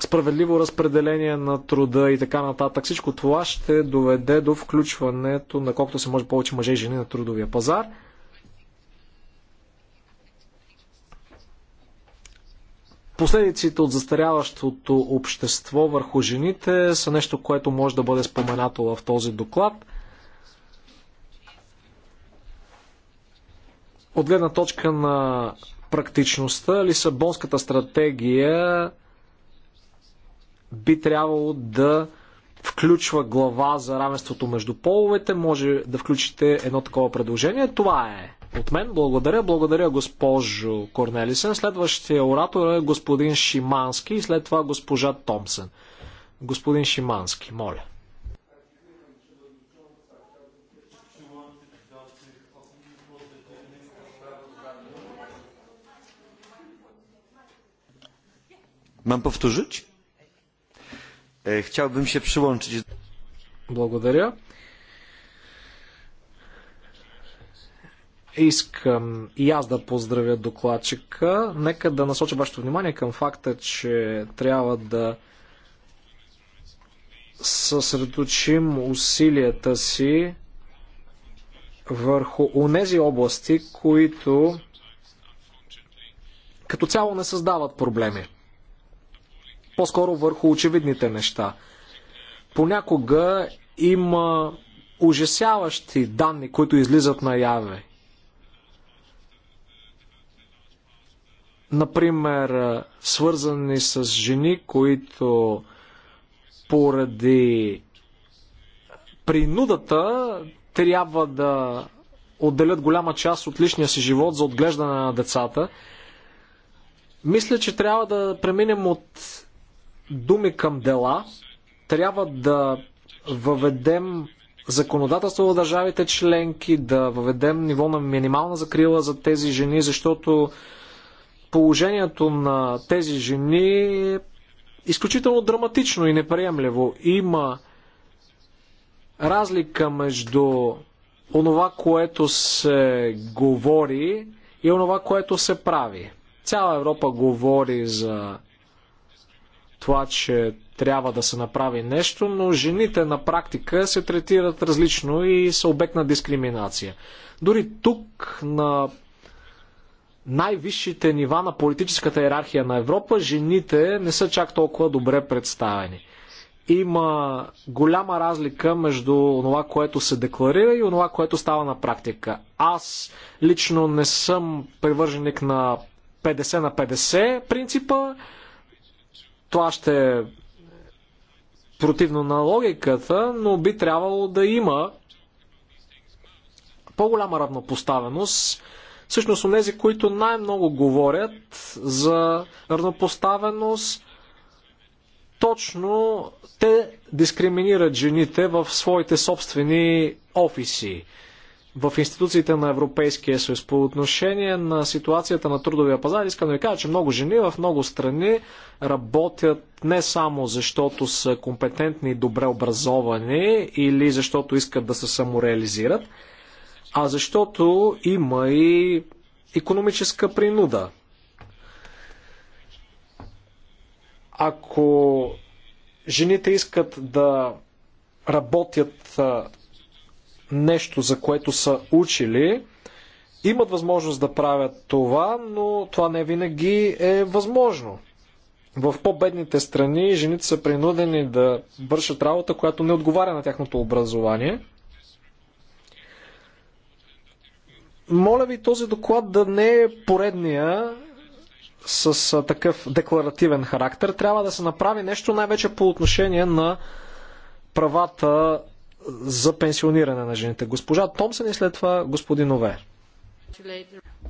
справедливо разпределение на труда и така нататък. Всичко това ще доведе до включването на колкото се може повече мъже и жени на трудовия пазар – Последиците от застаряващото общество върху жените са нещо, което може да бъде споменато в този доклад. От гледна точка на практичността, Лисабонската стратегия би трябвало да включва глава за равенството между половете. Може да включите едно такова предложение. Това е от мен. Благодаря, благодаря госпожо Корнелисен. Следващия оратор е господин Шимански и след това госпожа Томсен. Господин Шимански, моля. Mam powtórzyć? E, chciałbym się przyłączyć. Благодаря. Искам и аз да поздравя докладчика. Нека да насоча вашето внимание към факта, че трябва да съсредоточим усилията си върху онези области, които като цяло не създават проблеми. По-скоро върху очевидните неща. Понякога има ужасяващи данни, които излизат наяве. Например, свързани с жени, които поради принудата трябва да отделят голяма част от личния си живот за отглеждане на децата. Мисля, че трябва да преминем от думи към дела. Трябва да въведем законодателство в държавите членки, да въведем ниво на минимална закрила за тези жени, защото положението на тези жени е изключително драматично и неприемливо. Има разлика между онова, което се говори и онова, което се прави. Цяла Европа говори за това, че трябва да се направи нещо, но жените на практика се третират различно и са обект на дискриминация. Дори тук на най-висшите нива на политическата иерархия на Европа, жените не са чак толкова добре представени. Има голяма разлика между това, което се декларира и това, което става на практика. Аз лично не съм привърженик на 50 на 50 принципа. Това ще е противно на логиката, но би трябвало да има по-голяма равнопоставеност Всъщност, онези, които най-много говорят за равнопоставеност, точно те дискриминират жените в своите собствени офиси в институциите на Европейския съюз. По отношение на ситуацията на трудовия пазар, искам да ви кажа, че много жени в много страни работят не само защото са компетентни и добре образовани или защото искат да се самореализират, а защото има и економическа принуда. Ако жените искат да работят нещо, за което са учили, имат възможност да правят това, но това не винаги е възможно. В по-бедните страни жените са принудени да вършат работа, която не отговаря на тяхното образование – Моля ви този доклад да не е поредния с такъв декларативен характер. Трябва да се направи нещо най-вече по отношение на правата за пенсиониране на жените. Госпожа Томсън и след това господин Ове.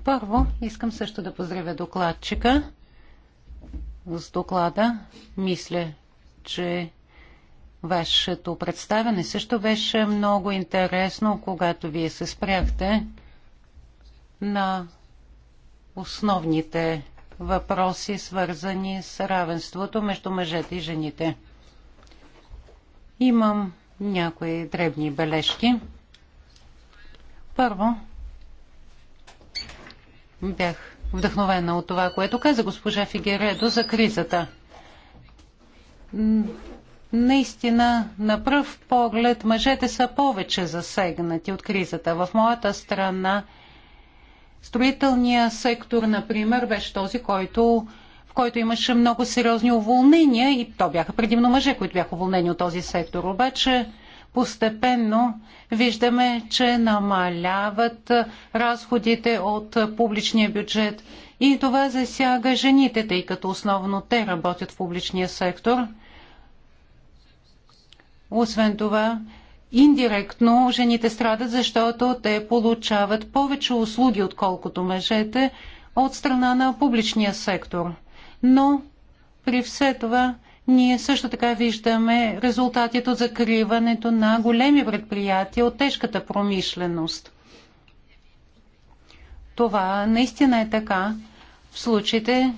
Първо, искам също да поздравя докладчика с доклада. Мисля, че вашето представяне също беше много интересно, когато вие се спряхте на основните въпроси, свързани с равенството между мъжете и жените. Имам някои дребни бележки. Първо, бях вдъхновена от това, което каза госпожа Фигередо за кризата. Наистина, на пръв поглед, мъжете са повече засегнати от кризата. В моята страна – Строителният сектор, например, беше този, който, в който имаше много сериозни уволнения и то бяха предимно мъже, които бяха уволнени от този сектор. Обаче постепенно виждаме, че намаляват разходите от публичния бюджет и това засяга жените, тъй като основно те работят в публичния сектор. Освен това, индиректно жените страдат, защото те получават повече услуги, отколкото мъжете, от страна на публичния сектор. Но при все това ние също така виждаме резултатите от закриването на големи предприятия от тежката промишленост. Това наистина е така в случаите,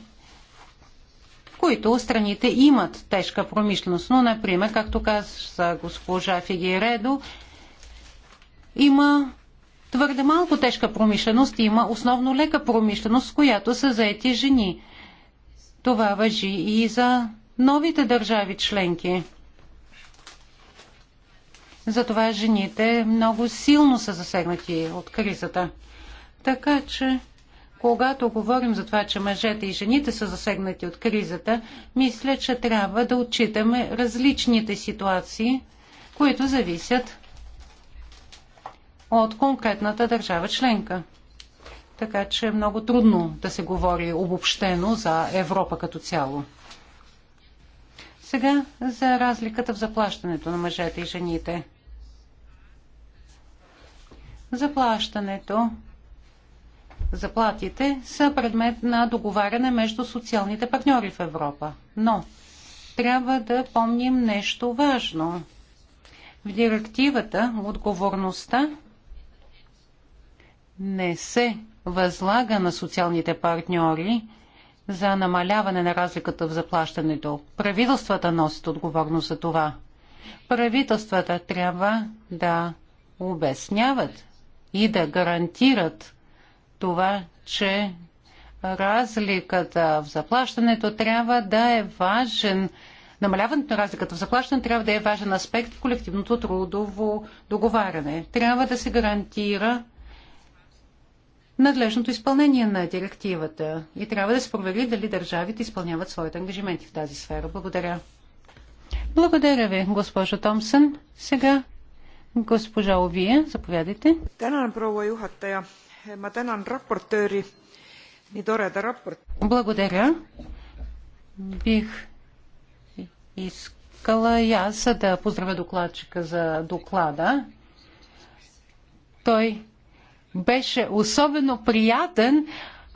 които страните имат тежка промишленост. Но, например, както каза госпожа Фигередо, има твърде малко тежка промишленост, има основно лека промишленост, с която са заети жени. Това въжи и за новите държави членки. Затова жените много силно са засегнати от кризата. Така че когато говорим за това, че мъжете и жените са засегнати от кризата, мисля, че трябва да отчитаме различните ситуации, които зависят от конкретната държава членка. Така че е много трудно да се говори обобщено за Европа като цяло. Сега за разликата в заплащането на мъжете и жените. Заплащането заплатите са предмет на договаряне между социалните партньори в Европа. Но трябва да помним нещо важно. В директивата отговорността не се възлага на социалните партньори за намаляване на разликата в заплащането. Правителствата носят отговорност за това. Правителствата трябва да обясняват и да гарантират това, че разликата в заплащането трябва да е важен Намаляването на разликата в заплащане трябва да е важен аспект в колективното трудово договаряне. Трябва да се гарантира надлежното изпълнение на директивата и трябва да се провери дали държавите изпълняват своите ангажименти в тази сфера. Благодаря. Благодаря ви, госпожо Томсън. Сега госпожа Овие, заповядайте. Eh, Благодаря. Бих искала и аз да поздравя докладчика за доклада. Той беше особено приятен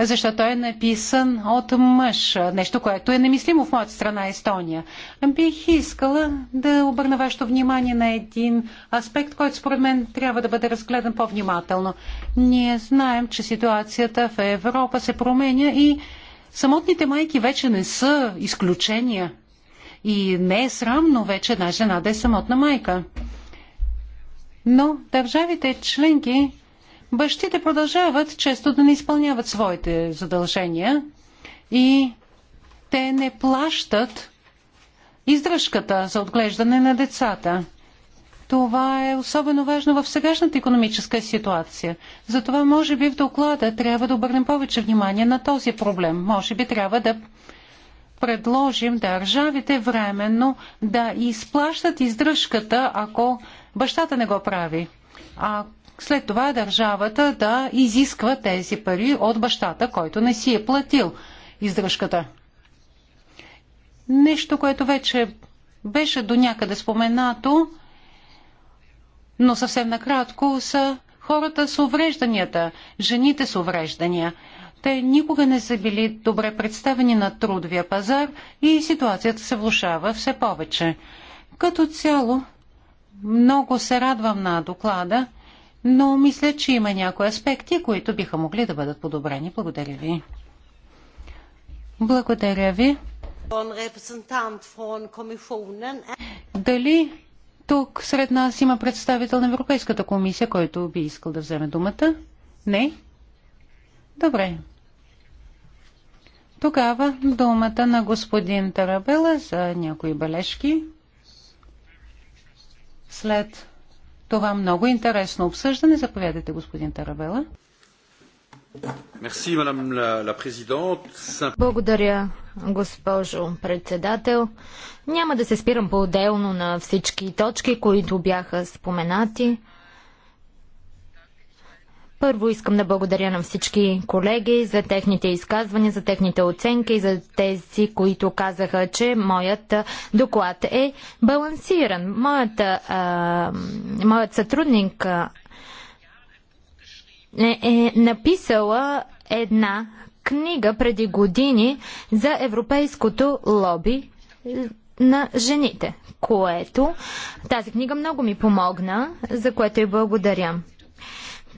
защото той е написан от мъж. Нещо, което е немислимо в моята страна Естония. Бих искала да обърна вашето внимание на един аспект, който според мен трябва да бъде разгледан по-внимателно. Ние знаем, че ситуацията в Европа се променя и самотните майки вече не са изключения. И не е срамно вече една жена да е самотна майка. Но държавите членки бащите продължават често да не изпълняват своите задължения и те не плащат издръжката за отглеждане на децата. Това е особено важно в сегашната економическа ситуация. Затова, може би, в доклада трябва да обърнем повече внимание на този проблем. Може би трябва да предложим държавите временно да изплащат издръжката, ако бащата не го прави. Ако след това държавата да изисква тези пари от бащата, който не си е платил издръжката. Нещо, което вече беше до някъде споменато, но съвсем накратко са хората с уврежданията, жените с увреждания. Те никога не са били добре представени на трудовия пазар и ситуацията се влушава все повече. Като цяло, много се радвам на доклада но мисля, че има някои аспекти, които биха могли да бъдат подобрени. Благодаря ви. Благодаря ви. Дали тук сред нас има представител на Европейската комисия, който би искал да вземе думата? Не? Добре. Тогава думата на господин Тарабела за някои бележки след това много интересно обсъждане. Заповядайте, господин Тарабела. Благодаря, госпожо председател. Няма да се спирам по-отделно на всички точки, които бяха споменати. Първо искам да благодаря на всички колеги за техните изказвания, за техните оценки, за тези, които казаха, че моят доклад е балансиран. Моят, а, моят сътрудник е, е написала една книга преди години за европейското лоби на жените, което тази книга много ми помогна, за което и благодаря.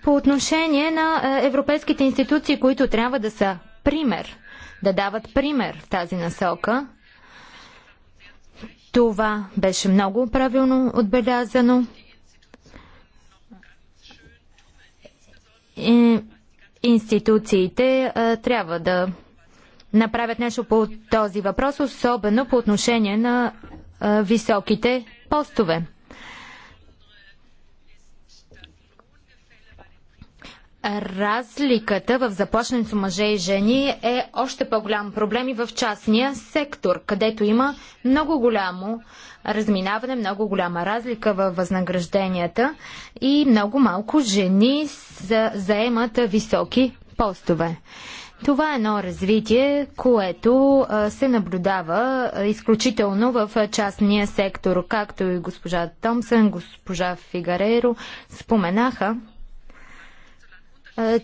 По отношение на е, европейските институции, които трябва да са пример, да дават пример в тази насока, това беше много правилно отбелязано. И институциите е, трябва да направят нещо по този въпрос, особено по отношение на е, високите постове. Разликата в заплащането мъже и жени е още по-голям проблем и в частния сектор, където има много голямо разминаване, много голяма разлика във възнагражденията и много малко жени за, заемат високи постове. Това е едно развитие, което се наблюдава изключително в частния сектор, както и госпожа Томсън, госпожа Фигареро споменаха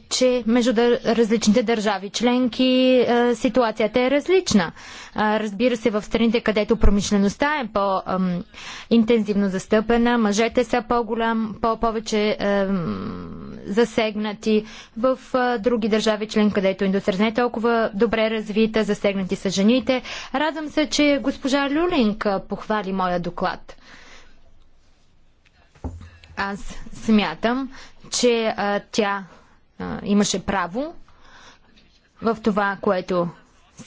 че между различните държави членки ситуацията е различна. Разбира се, в страните, където промишлеността е по-интензивно застъпена, мъжете са по-голям, по-повече засегнати. В други държави член, където индустрията не е толкова добре развита, засегнати са жените. Радвам се, че госпожа Люлинг похвали моя доклад аз смятам, че а, тя а, имаше право в това, което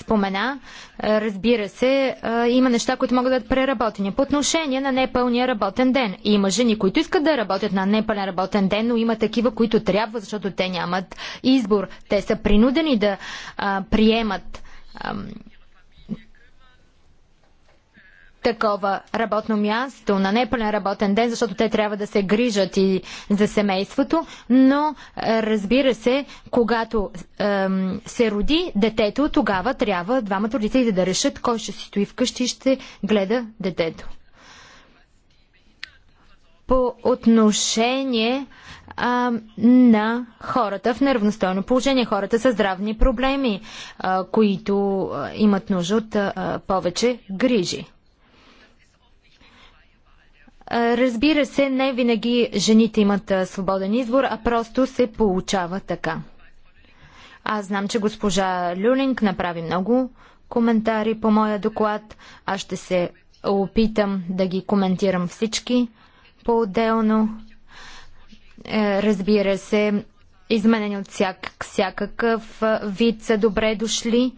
спомена. Разбира се, има неща, които могат да бъдат преработени. По отношение на непълния работен ден. Има жени, които искат да работят на непълния работен ден, но има такива, които трябва, защото те нямат избор. Те са принудени да а, приемат а, такова работно място, на непълен работен ден, защото те трябва да се грижат и за семейството, но е, разбира се, когато ем, се роди детето, тогава трябва двамата родители да решат кой ще си стои вкъщи и ще гледа детето. По отношение а, на хората в неравностойно положение, хората с здравни проблеми, а, които а, имат нужда от а, повече грижи. Разбира се, не винаги жените имат свободен избор, а просто се получава така. Аз знам, че госпожа Люлинг направи много коментари по моя доклад. Аз ще се опитам да ги коментирам всички по-отделно. Е, разбира се, изменени от всяк, всякакъв вид са добре дошли.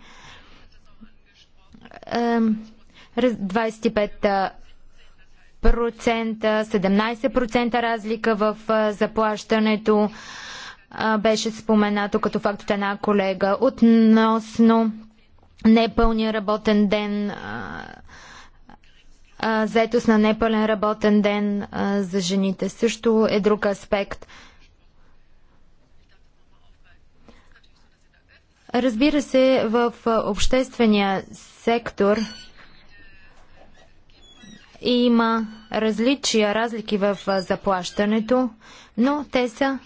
25-та 17% разлика в заплащането беше споменато като факт от една колега относно непълния работен ден, заетост на непълен работен ден за жените. Също е друг аспект. Разбира се, в обществения сектор има различия, разлики в заплащането, но те са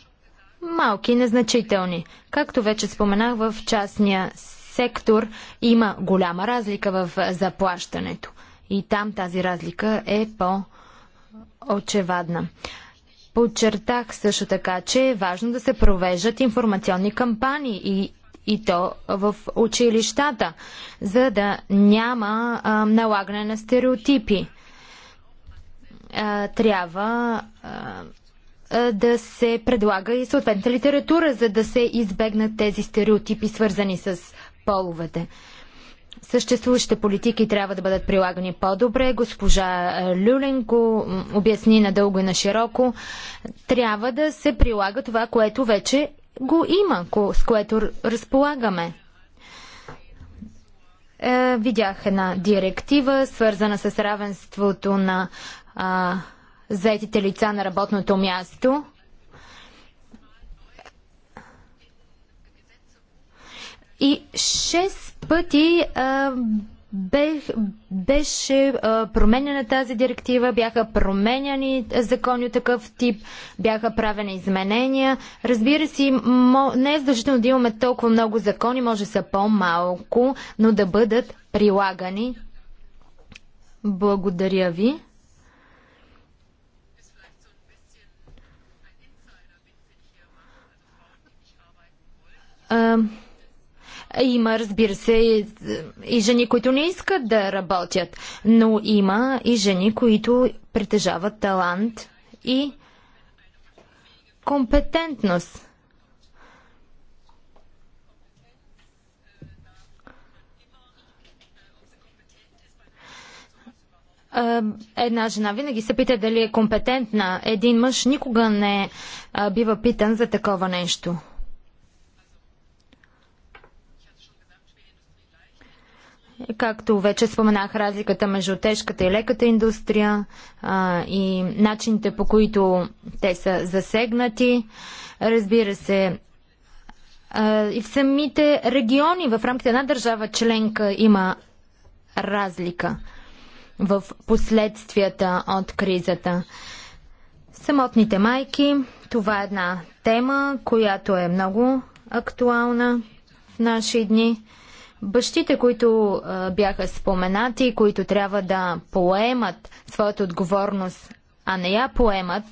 малки и незначителни. Както вече споменах, в частния сектор има голяма разлика в заплащането. И там тази разлика е по-очевадна. Подчертах също така, че е важно да се провеждат информационни кампании и, и то в училищата, за да няма а, налагане на стереотипи а, трябва а, да се предлага и съответната литература, за да се избегнат тези стереотипи, свързани с половете. Съществуващите политики трябва да бъдат прилагани по-добре. Госпожа Люленко обясни надълго и на широко. Трябва да се прилага това, което вече го има, с което разполагаме. Е, видях една директива, свързана с равенството на а, заетите лица на работното място. И шест пъти а, бех, беше а, променена тази директива, бяха променяни закони от такъв тип, бяха правени изменения. Разбира се, не е задължително да имаме толкова много закони, може са по-малко, но да бъдат прилагани. Благодаря ви. Има, разбира се, и, и жени, които не искат да работят, но има и жени, които притежават талант и компетентност. Една жена винаги се пита дали е компетентна. Един мъж никога не бива питан за такова нещо. Както вече споменах, разликата между тежката и леката индустрия а, и начините по които те са засегнати. Разбира се, а, и в самите региони в рамките на държава членка има разлика в последствията от кризата. Самотните майки, това е една тема, която е много актуална в наши дни. Бащите, които а, бяха споменати, които трябва да поемат своята отговорност, а не я поемат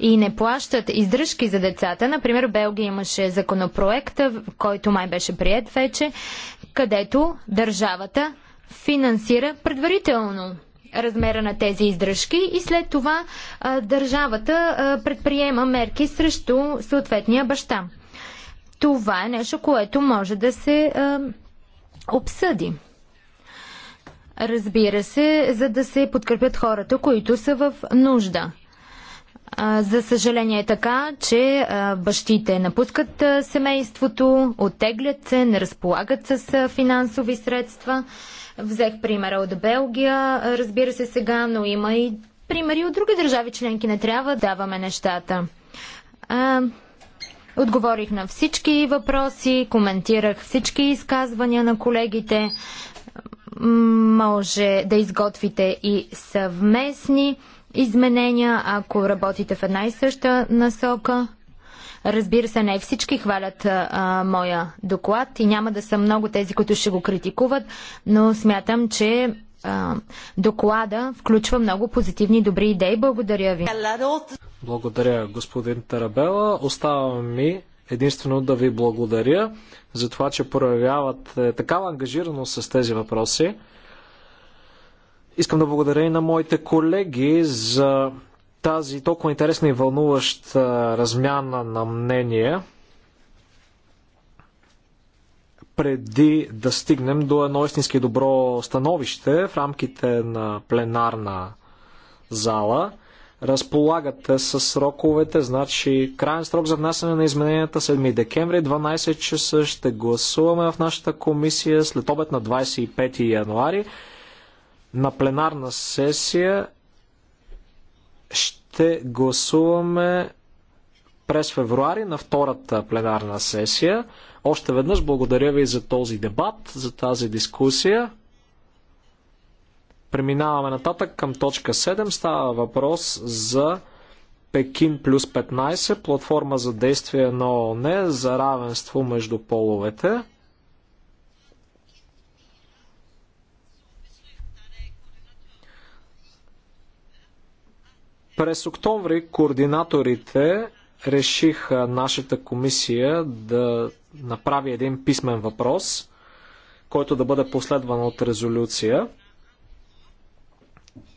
и не плащат издръжки за децата. Например, Белгия имаше законопроекта, който май беше прият вече, където държавата финансира предварително размера на тези издръжки и след това а, държавата а, предприема мерки срещу съответния баща. Това е нещо, което може да се а, обсъди. Разбира се, за да се подкрепят хората, които са в нужда. За съжаление е така, че бащите напускат семейството, оттеглят се, не разполагат с финансови средства. Взех примера от Белгия, разбира се сега, но има и примери от други държави членки. Не трябва да даваме нещата. Отговорих на всички въпроси, коментирах всички изказвания на колегите. Може да изготвите и съвместни изменения, ако работите в една и съща насока. Разбира се, не всички хвалят а, моя доклад и няма да са много тези, които ще го критикуват, но смятам, че доклада включва много позитивни и добри идеи. Благодаря ви. Благодаря, господин Тарабела. Оставам ми единствено да ви благодаря за това, че проявяват такава ангажираност с тези въпроси. Искам да благодаря и на моите колеги за тази толкова интересна и вълнуваща размяна на мнения. преди да стигнем до едно истински добро становище в рамките на пленарна зала. Разполагате с сроковете, значи крайен срок за внасяне на измененията 7 е декември, 12 часа ще гласуваме в нашата комисия след обед на 25 януари. На пленарна сесия ще гласуваме през февруари на втората пленарна сесия. Още веднъж благодаря ви за този дебат, за тази дискусия. Преминаваме нататък към точка 7. Става въпрос за Пекин плюс 15, платформа за действие на ООН за равенство между половете. През октомври координаторите реших нашата комисия да направи един писмен въпрос, който да бъде последван от резолюция,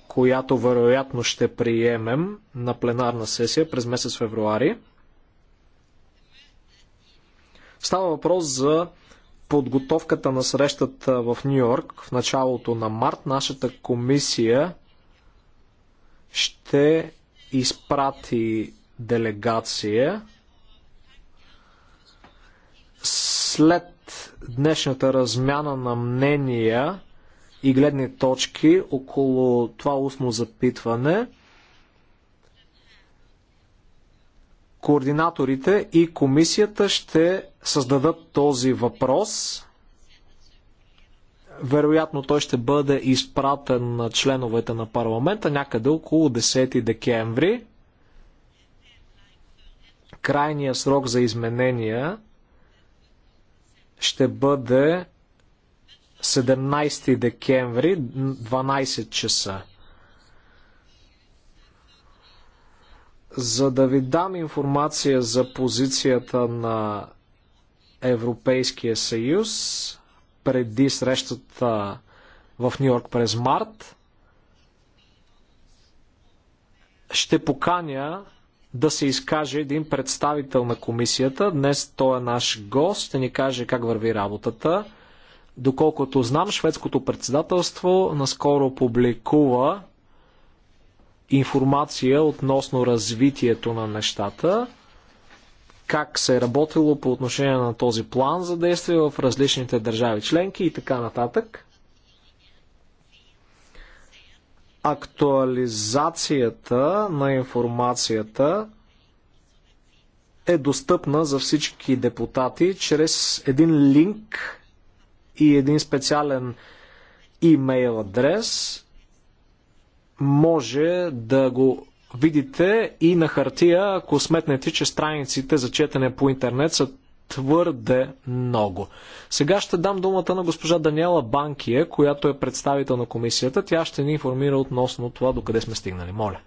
която вероятно ще приемем на пленарна сесия през месец февруари. Става въпрос за подготовката на срещата в Нью Йорк в началото на март. Нашата комисия ще изпрати делегация. След днешната размяна на мнения и гледни точки около това устно запитване, координаторите и комисията ще създадат този въпрос. Вероятно той ще бъде изпратен на членовете на парламента някъде около 10 декември крайния срок за изменения ще бъде 17 декември, 12 часа. За да ви дам информация за позицията на Европейския съюз преди срещата в Нью Йорк през март, ще поканя да се изкаже един представител на комисията. Днес той е наш гост, ще ни каже как върви работата. Доколкото знам, шведското председателство наскоро публикува информация относно развитието на нещата, как се е работило по отношение на този план за действие в различните държави членки и така нататък. актуализацията на информацията е достъпна за всички депутати чрез един линк и един специален имейл адрес. Може да го видите и на хартия, ако сметнете, че страниците за четене по интернет са твърде много. Сега ще дам думата на госпожа Даниела Банкия, която е представител на комисията. Тя ще ни информира относно това, докъде сме стигнали. Моля.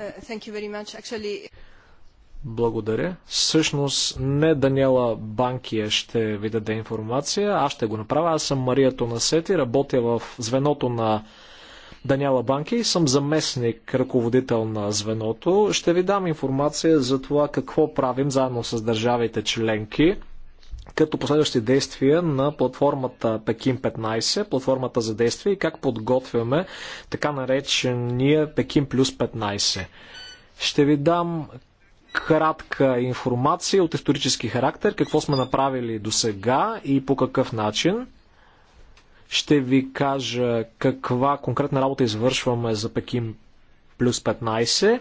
Е, thank you very much. Actually... Благодаря. Всъщност не Даниела Банкия ще ви даде информация, аз ще го направя. Аз съм Мария Тонасети, работя в звеното на Даниела Банки и съм заместник ръководител на звеното. Ще ви дам информация за това какво правим заедно с държавите членки като последващи действия на платформата Пекин 15, платформата за действие и как подготвяме така наречения Пекин плюс 15. Ще ви дам кратка информация от исторически характер, какво сме направили до сега и по какъв начин. Ще ви кажа каква конкретна работа извършваме за Пекин плюс 15.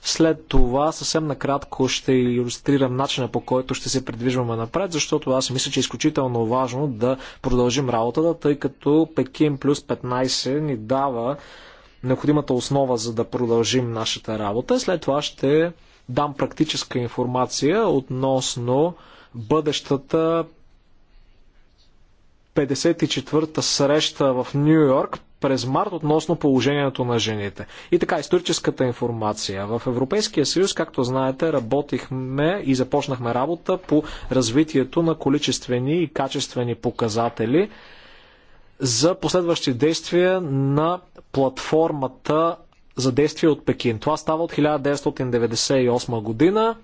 След това съвсем накратко ще иллюстрирам начина по който ще се придвижваме напред, защото аз мисля, че е изключително важно да продължим работата, тъй като Пекин плюс 15 ни дава необходимата основа за да продължим нашата работа. След това ще дам практическа информация относно бъдещата 54-та среща в Нью Йорк през март относно положението на жените. И така, историческата информация. В Европейския съюз, както знаете, работихме и започнахме работа по развитието на количествени и качествени показатели за последващи действия на платформата за действие от Пекин. Това става от 1998 година.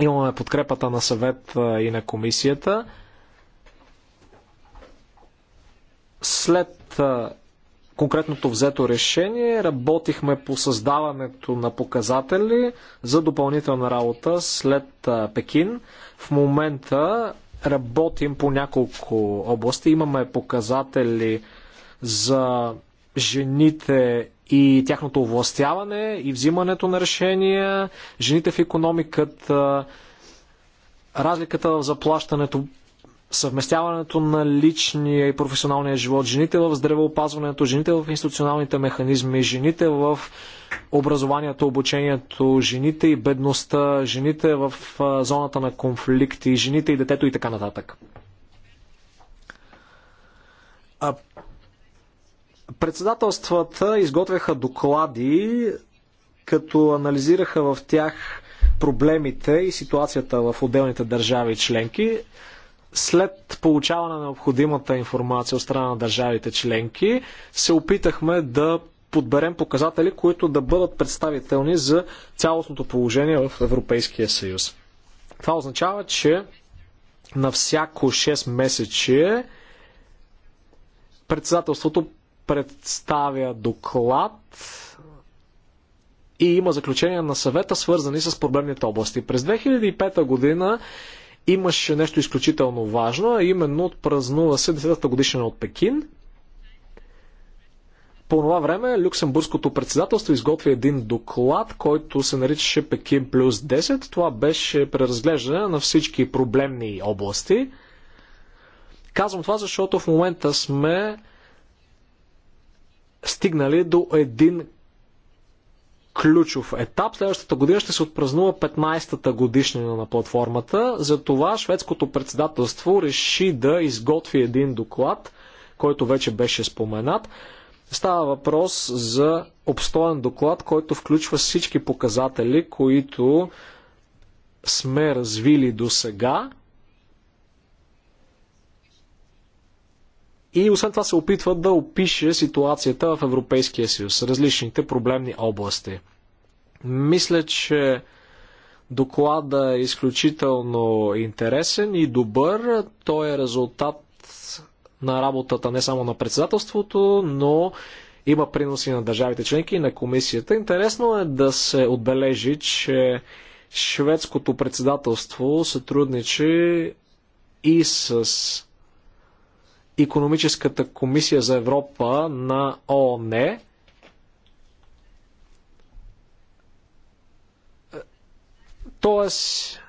Имаме подкрепата на съвет и на комисията. След конкретното взето решение работихме по създаването на показатели за допълнителна работа след Пекин. В момента работим по няколко области. Имаме показатели за жените и тяхното овластяване и взимането на решения, жените в економиката, разликата в заплащането, съвместяването на личния и професионалния живот, жените в здравеопазването, жените в институционалните механизми, жените в образованието, обучението, жените и бедността, жените в зоната на конфликти, жените и детето и така нататък. Председателствата изготвяха доклади, като анализираха в тях проблемите и ситуацията в отделните държави и членки. След получаване на необходимата информация от страна на държавите членки, се опитахме да подберем показатели, които да бъдат представителни за цялостното положение в Европейския съюз. Това означава, че на всяко 6 месече председателството представя доклад и има заключения на съвета, свързани с проблемните области. През 2005 година имаше нещо изключително важно, а именно празнува се 10-та годишна от Пекин. По това време Люксембургското председателство изготви един доклад, който се наричаше Пекин плюс 10. Това беше преразглеждане на всички проблемни области. Казвам това, защото в момента сме стигнали до един ключов етап. Следващата година ще се отпразнува 15-та годишнина на платформата. Затова шведското председателство реши да изготви един доклад, който вече беше споменат. Става въпрос за обстоен доклад, който включва всички показатели, които сме развили до сега И освен това се опитва да опише ситуацията в Европейския съюз, различните проблемни области. Мисля, че доклада е изключително интересен и добър. Той е резултат на работата не само на председателството, но има приноси на държавите членки и на комисията. Интересно е да се отбележи, че шведското председателство сътрудничи и с економическата комисия за Европа на ООН е, Тоест,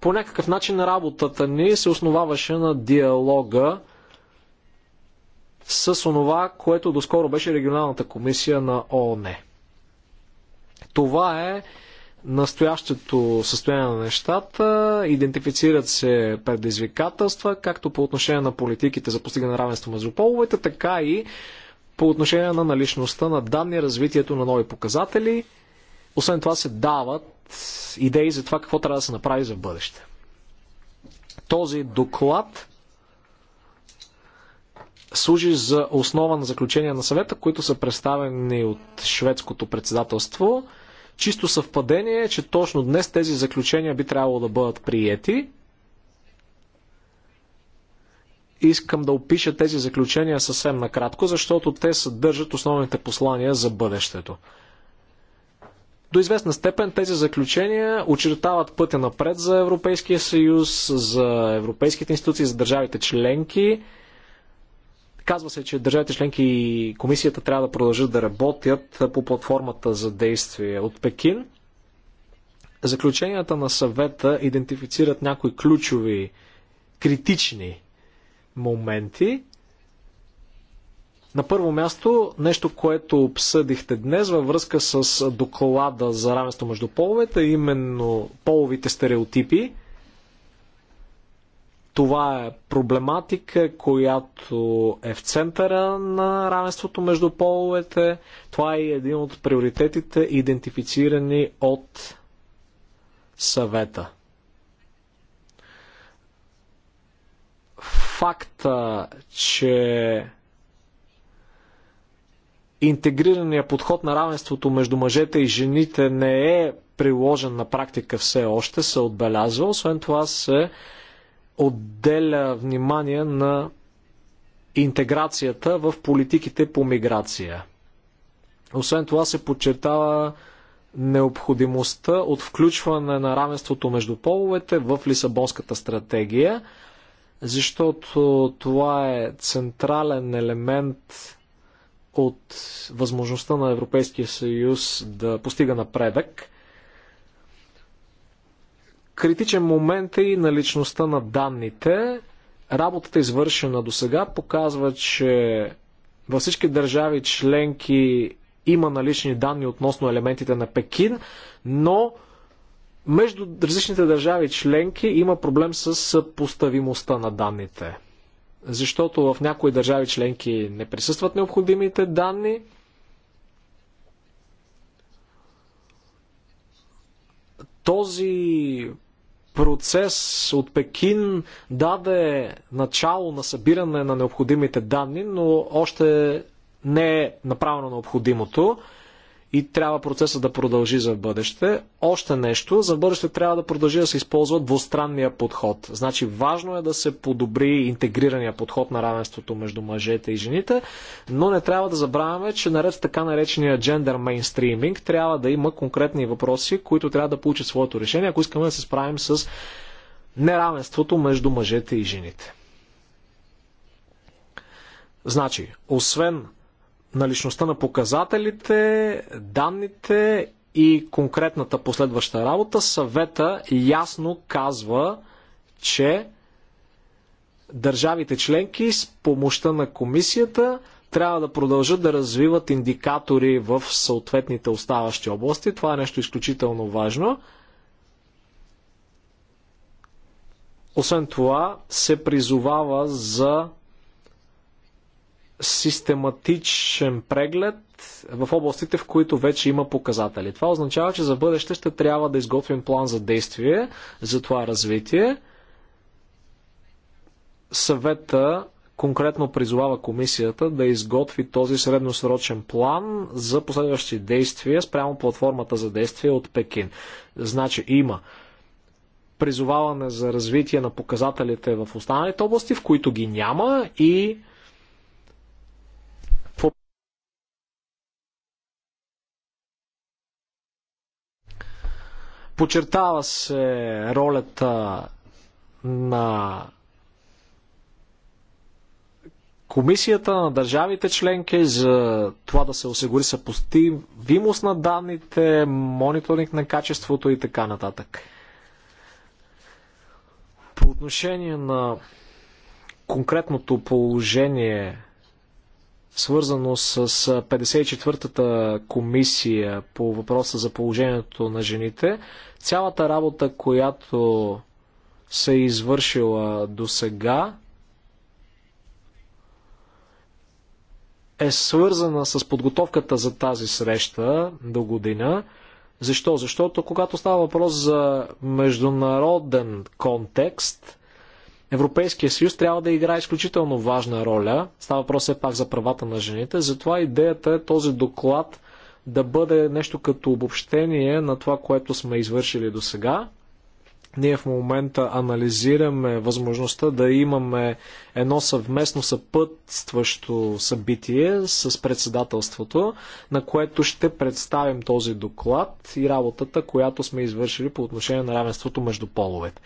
по някакъв начин работата ни се основаваше на диалога с онова, което доскоро беше регионалната комисия на ООН. Това е настоящето състояние на нещата, идентифицират се предизвикателства, както по отношение на политиките за постигане на равенство между половете, така и по отношение на наличността на данни, развитието на нови показатели. Освен това се дават идеи за това какво трябва да се направи за бъдеще. Този доклад служи за основа на заключения на съвета, които са представени от шведското председателство – Чисто съвпадение че точно днес тези заключения би трябвало да бъдат приети. Искам да опиша тези заключения съвсем накратко, защото те съдържат основните послания за бъдещето. До известна степен тези заключения очертават пътя напред за Европейския съюз, за европейските институции, за държавите членки. Казва се, че държавите членки и комисията трябва да продължат да работят по платформата за действие от Пекин. Заключенията на съвета идентифицират някои ключови, критични моменти. На първо място, нещо, което обсъдихте днес във връзка с доклада за равенство между половете, именно половите стереотипи – това е проблематика, която е в центъра на равенството между половете. Това е един от приоритетите, идентифицирани от съвета. Факта, че интегрирания подход на равенството между мъжете и жените не е приложен на практика все още, се отбелязва. Освен това се отделя внимание на интеграцията в политиките по миграция. Освен това се подчертава необходимостта от включване на равенството между половете в Лисабонската стратегия, защото това е централен елемент от възможността на Европейския съюз да постига напредък. Критичен момент е и наличността на данните. Работата, извършена до сега, показва, че във всички държави членки има налични данни относно елементите на Пекин, но между различните държави членки има проблем с поставимостта на данните. Защото в някои държави членки не присъстват необходимите данни. Този процес от Пекин даде начало на събиране на необходимите данни, но още не е направено необходимото и трябва процесът да продължи за бъдеще. Още нещо, за бъдеще трябва да продължи да се използва двустранния подход. Значи важно е да се подобри интегрирания подход на равенството между мъжете и жените, но не трябва да забравяме, че наред с така наречения джендър мейнстриминг трябва да има конкретни въпроси, които трябва да получат своето решение, ако искаме да се справим с неравенството между мъжете и жените. Значи, освен наличността на показателите, данните и конкретната последваща работа, съвета ясно казва, че държавите членки с помощта на комисията трябва да продължат да развиват индикатори в съответните оставащи области. Това е нещо изключително важно. Освен това, се призовава за систематичен преглед в областите, в които вече има показатели. Това означава, че за бъдеще ще трябва да изготвим план за действие за това развитие. Съвета конкретно призовава комисията да изготви този средносрочен план за последващи действия спрямо платформата за действие от Пекин. Значи има призоваване за развитие на показателите в останалите области, в които ги няма и Почертава се ролята на комисията на държавите членки за това да се осигури съпостимост на данните, мониторинг на качеството и така нататък. По отношение на конкретното положение свързано с 54-та комисия по въпроса за положението на жените. Цялата работа, която се е извършила до сега, е свързана с подготовката за тази среща до година. Защо? Защото когато става въпрос за международен контекст, Европейския съюз трябва да играе изключително важна роля. Става въпрос все пак за правата на жените. Затова идеята е този доклад да бъде нещо като обобщение на това, което сме извършили до сега. Ние в момента анализираме възможността да имаме едно съвместно съпътстващо събитие с председателството, на което ще представим този доклад и работата, която сме извършили по отношение на равенството между половете.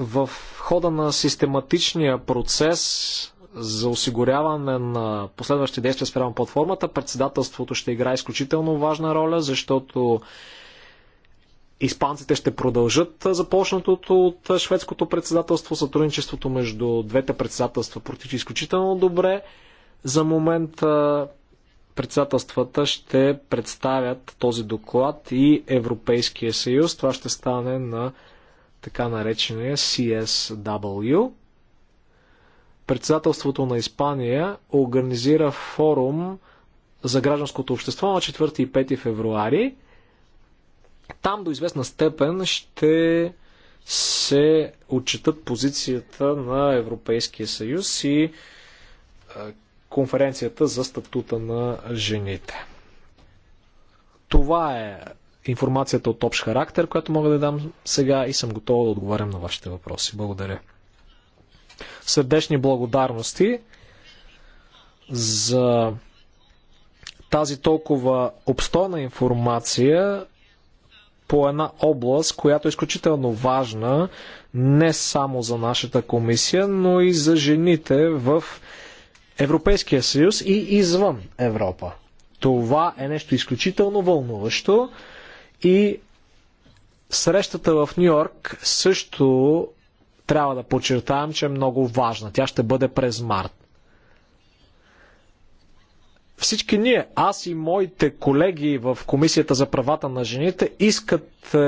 в хода на систематичния процес за осигуряване на последващи действия спрямо платформата, председателството ще играе изключително важна роля, защото Испанците ще продължат започнатото от шведското председателство. Сътрудничеството между двете председателства протича изключително добре. За момент председателствата ще представят този доклад и Европейския съюз. Това ще стане на така наречения CSW. Председателството на Испания организира форум за гражданското общество на 4 и 5 февруари. Там до известна степен ще се отчитат позицията на Европейския съюз и е, конференцията за статута на жените. Това е информацията от общ характер, която мога да дам сега и съм готова да отговарям на вашите въпроси. Благодаря. Сърдечни благодарности за тази толкова обстойна информация по една област, която е изключително важна не само за нашата комисия, но и за жените в Европейския съюз и извън Европа. Това е нещо изключително вълнуващо. И срещата в Нью Йорк също трябва да подчертавам, че е много важна. Тя ще бъде през март. Всички ние, аз и моите колеги в Комисията за правата на жените, искат е,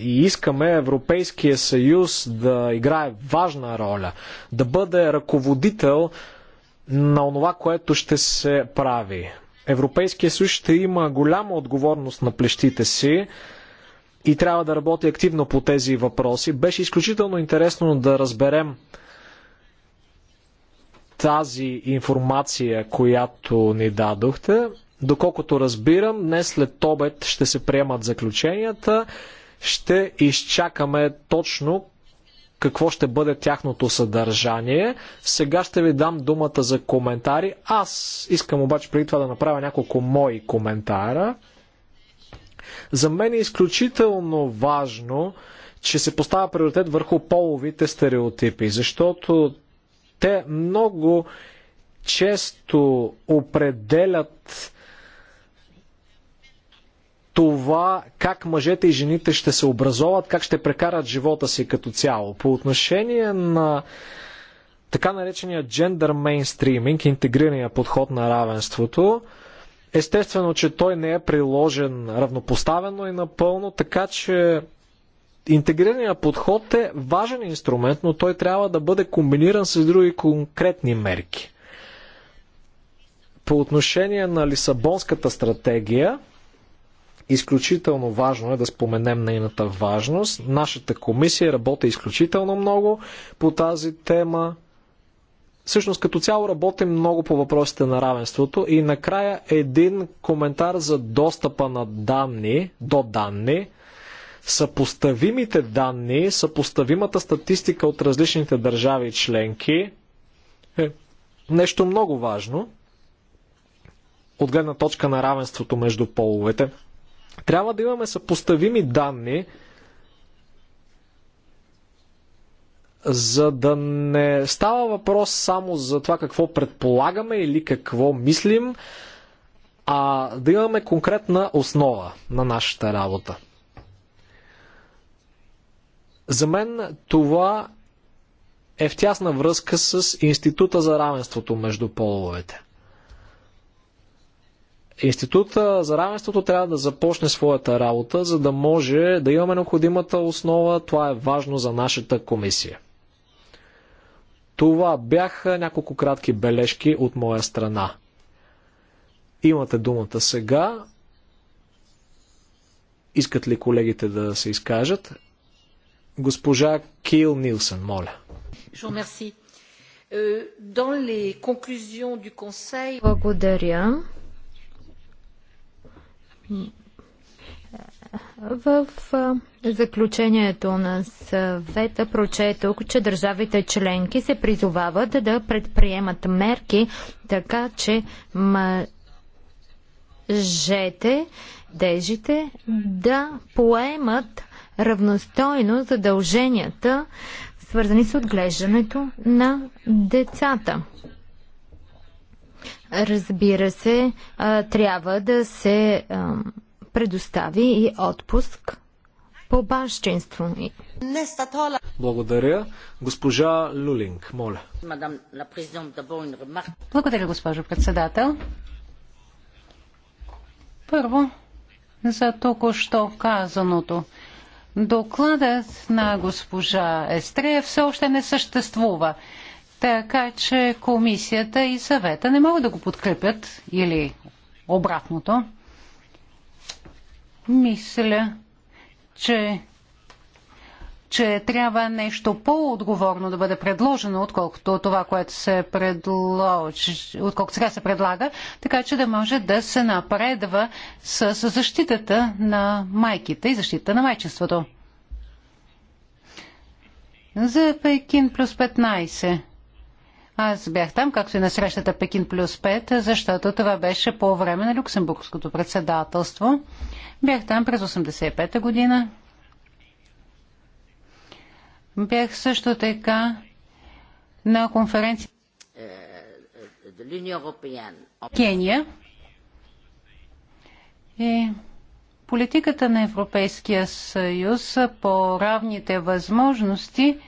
и искаме Европейския съюз да играе важна роля, да бъде ръководител на онова, което ще се прави. Европейския съюз ще има голяма отговорност на плещите си и трябва да работи активно по тези въпроси. Беше изключително интересно да разберем тази информация, която ни дадохте. Доколкото разбирам, днес след обед ще се приемат заключенията. Ще изчакаме точно какво ще бъде тяхното съдържание. Сега ще ви дам думата за коментари. Аз искам обаче преди това да направя няколко мои коментара. За мен е изключително важно, че се поставя приоритет върху половите стереотипи, защото те много често определят това как мъжете и жените ще се образоват, как ще прекарат живота си като цяло. По отношение на така наречения gender мейнстриминг, интегрирания подход на равенството, естествено, че той не е приложен равнопоставено и напълно, така че интегрираният подход е важен инструмент, но той трябва да бъде комбиниран с други конкретни мерки. По отношение на Лисабонската стратегия, Изключително важно е да споменем нейната важност. Нашата комисия работи изключително много по тази тема. Всъщност като цяло работим много по въпросите на равенството и накрая един коментар за достъпа на данни, до данни, съпоставимите данни, съпоставимата статистика от различните държави и членки е нещо много важно от гледна точка на равенството между половете. Трябва да имаме съпоставими данни, за да не става въпрос само за това какво предполагаме или какво мислим, а да имаме конкретна основа на нашата работа. За мен това е в тясна връзка с Института за равенството между половете. Института за равенството трябва да започне своята работа, за да може да имаме необходимата основа. Това е важно за нашата комисия. Това бяха няколко кратки бележки от моя страна. Имате думата сега. Искат ли колегите да се изкажат? Госпожа Кил Нилсън, моля. Euh, Благодаря. В заключението на съвета прочетох, че държавите членки се призовават да предприемат мерки, така че мъжете, дежите да поемат равностойно задълженията, свързани с отглеждането на децата. Разбира се, трябва да се предостави и отпуск по бащинство. Благодаря. Госпожа Люлинг, моля. Благодаря, госпожо председател. Първо, за току-що казаното. Докладът на госпожа Естрея все още не съществува. Така че комисията и съвета не могат да го подкрепят или обратното. Мисля, че, че трябва нещо по-отговорно да бъде предложено, отколкото това, което се предложи, отколкото сега се предлага, така че да може да се напредва с защитата на майките и защита на майчеството. За Пекин плюс 15. Аз бях там, както и на срещата Пекин плюс 5, защото това беше по време на Люксембургското председателство. Бях там през 85 година. Бях също така на конференция Кения и политиката на Европейския съюз по равните възможности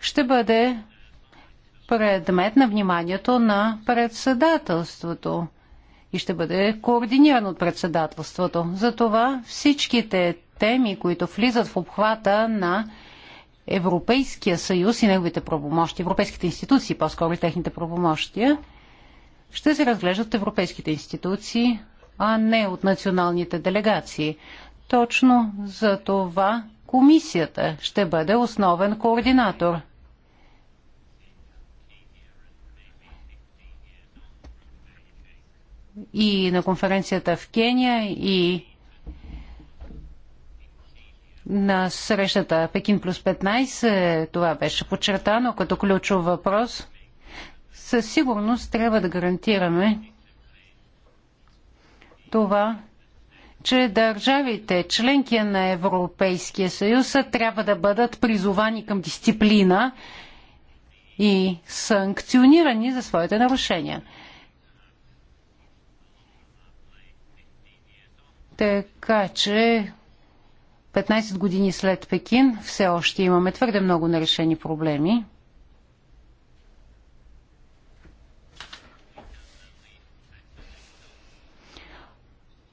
ще бъде предмет на вниманието на председателството и ще бъде координиран от председателството. Затова всичките теми, които влизат в обхвата на Европейския съюз и неговите правомощи, европейските институции, по-скоро техните правомощия, ще се разглеждат европейските институции, а не от националните делегации. Точно за това комисията ще бъде основен координатор – и на конференцията в Кения, и на срещата Пекин плюс 15, е, това беше подчертано като ключов въпрос, със сигурност трябва да гарантираме това, че държавите, членки на Европейския съюз, трябва да бъдат призовани към дисциплина и санкционирани за своите нарушения. Така че 15 години след Пекин все още имаме твърде много нарешени проблеми.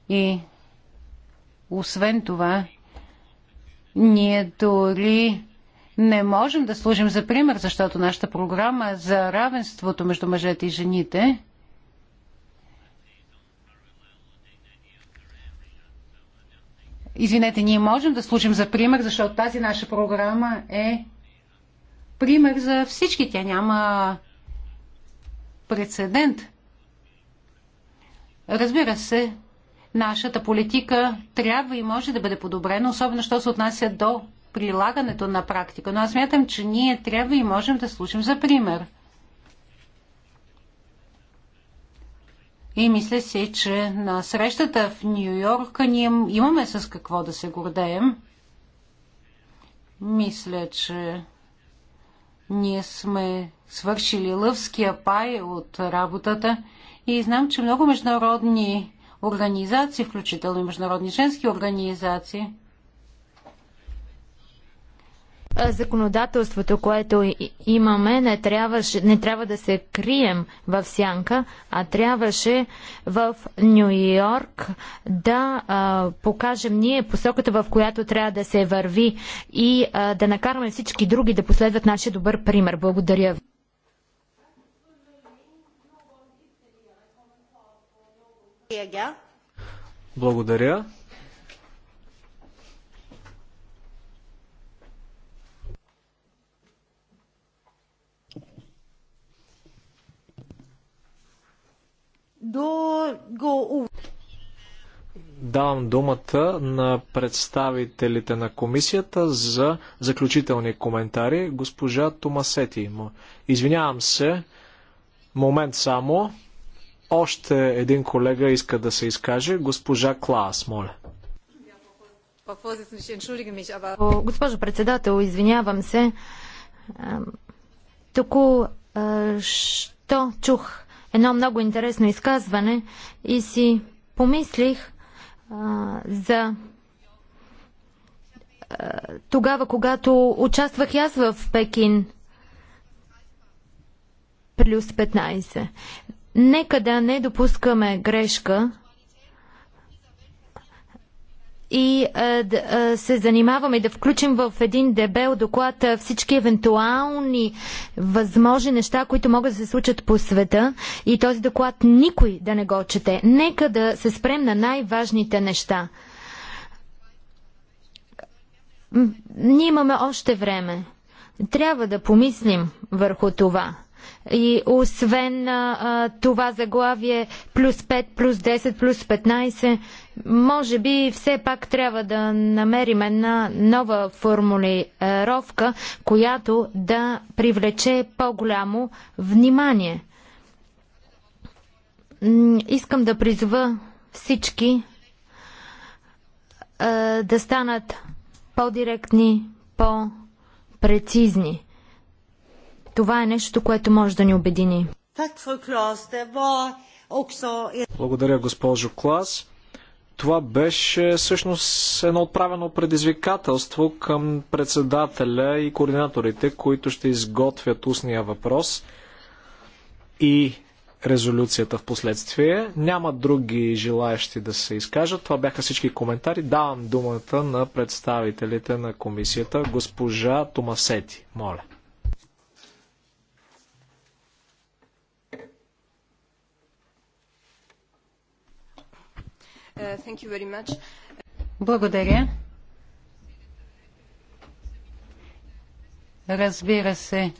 И освен това, ние дори не можем да служим за пример, защото нашата програма за равенството между мъжете и жените – Извинете, ние можем да служим за пример, защото тази наша програма е пример за всички. Тя няма прецедент. Разбира се, нашата политика трябва и може да бъде подобрена, особено що се отнася до прилагането на практика. Но аз мятам, че ние трябва и можем да служим за пример – И мисля си, че на срещата в Нью Йорк ние имаме с какво да се гордеем. Мисля, че ние сме свършили лъвския пай от работата и знам, че много международни организации, включително и международни женски организации, законодателството, което имаме, не, трябваше, не трябва да се крием в сянка, а трябваше в Нью Йорк да а, покажем ние посоката, в която трябва да се върви и а, да накараме всички други да последват нашия добър пример. Благодаря ви. Благодаря. до го... Давам думата на представителите на комисията за заключителни коментари. Госпожа Томасети. Извинявам се, момент само. Още един колега иска да се изкаже. Госпожа Клас, моля. Госпожо председател, извинявам се. Току що чух едно много интересно изказване и си помислих а, за а, тогава, когато участвах и аз в Пекин плюс 15. Нека да не допускаме грешка и да се занимаваме да включим в един дебел доклад всички евентуални възможни неща, които могат да се случат по света и този доклад никой да не го чете. Нека да се спрем на най-важните неща. Ние имаме още време. Трябва да помислим върху това. И освен а, това заглавие плюс 5, плюс 10, плюс 15, може би все пак трябва да намерим една нова формулировка, която да привлече по-голямо внимание. Искам да призва всички да станат по-директни, по-прецизни. Това е нещо, което може да ни обедини. Благодаря, госпожо Клас. Това беше всъщност едно отправено предизвикателство към председателя и координаторите, които ще изготвят устния въпрос и резолюцията в последствие. Няма други желаящи да се изкажат. Това бяха всички коментари. Давам думата на представителите на комисията, госпожа Томасети. Моля. Uh, Благодаря. Разбира се,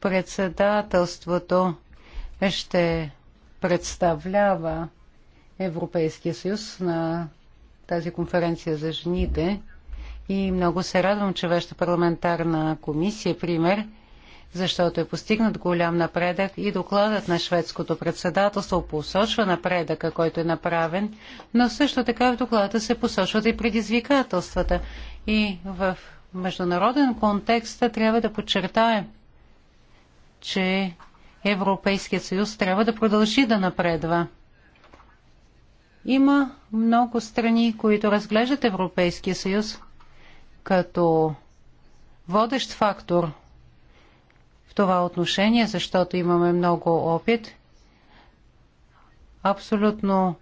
председателството ще представлява Европейския съюз на тази конференция за жените. И много се радвам, че вашата парламентарна комисия, пример, защото е постигнат голям напредък и докладът на шведското председателство посочва напредъка, който е направен, но също така в доклада се посочват и предизвикателствата. И в международен контекст трябва да подчертаем, че Европейският съюз трябва да продължи да напредва. Има много страни, които разглеждат Европейския съюз като водещ фактор това отношение, защото имаме много опит. Абсолютно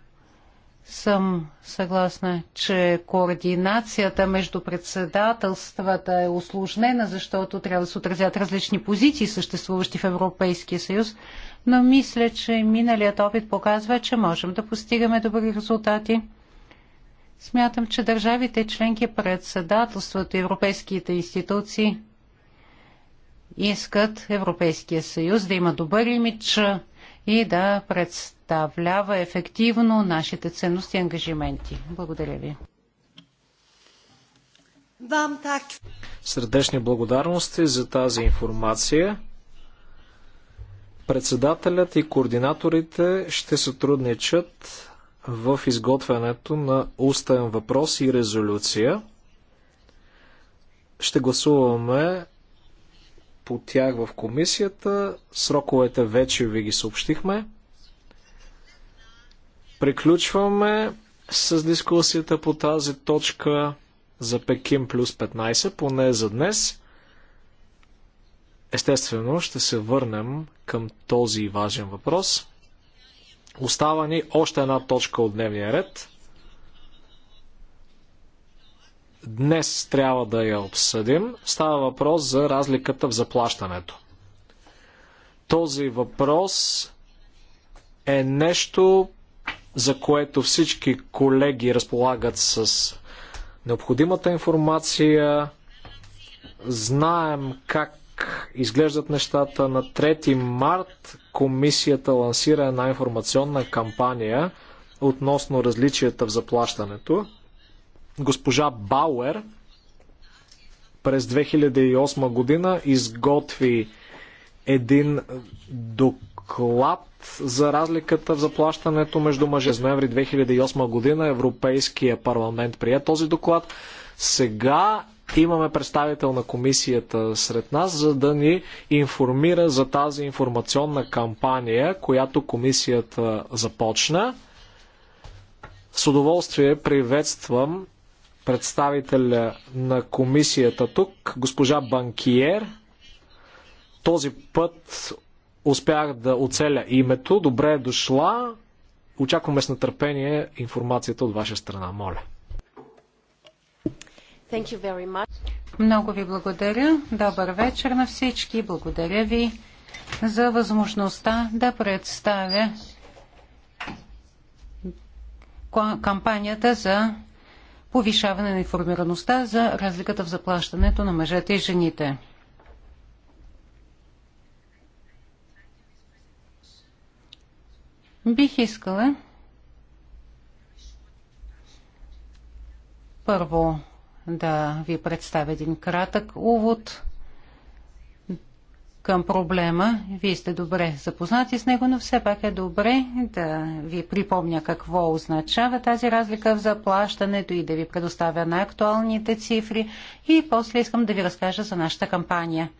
съм съгласна, че координацията между председателствата е осложнена, защото трябва да се отразят различни позиции, съществуващи в Европейския съюз, но мисля, че миналият опит показва, че можем да постигаме добри резултати. Смятам, че държавите членки председателството европейските институции – искат Европейския съюз да има добър имидж и да представлява ефективно нашите ценности и ангажименти. Благодаря ви. Сърдечни благодарности за тази информация. Председателят и координаторите ще сътрудничат в изготвянето на устен въпрос и резолюция. Ще гласуваме по тях в комисията. Сроковете вече ви ги съобщихме. Приключваме с дискусията по тази точка за Пекин плюс 15, поне за днес. Естествено, ще се върнем към този важен въпрос. Остава ни още една точка от дневния ред. Днес трябва да я обсъдим. Става въпрос за разликата в заплащането. Този въпрос е нещо, за което всички колеги разполагат с необходимата информация. Знаем как изглеждат нещата. На 3 март комисията лансира една информационна кампания относно различията в заплащането. Госпожа Бауер през 2008 година изготви един доклад за разликата в заплащането между мъже. С ноември 2008 година Европейския парламент прие този доклад. Сега имаме представител на комисията сред нас, за да ни информира за тази информационна кампания, която комисията започна. С удоволствие приветствам представителя на комисията тук, госпожа Банкиер. Този път успях да оцеля името. Добре е дошла. Очакваме с нетърпение информацията от ваша страна. Моля. Много ви благодаря. Добър вечер на всички. Благодаря ви за възможността да представя кампанията за повишаване на информираността за разликата в заплащането на мъжете и жените. Бих искала първо да ви представя един кратък увод към проблема. Вие сте добре запознати с него, но все пак е добре да ви припомня какво означава тази разлика в заплащането и да ви предоставя най-актуалните цифри. И после искам да ви разкажа за нашата кампания.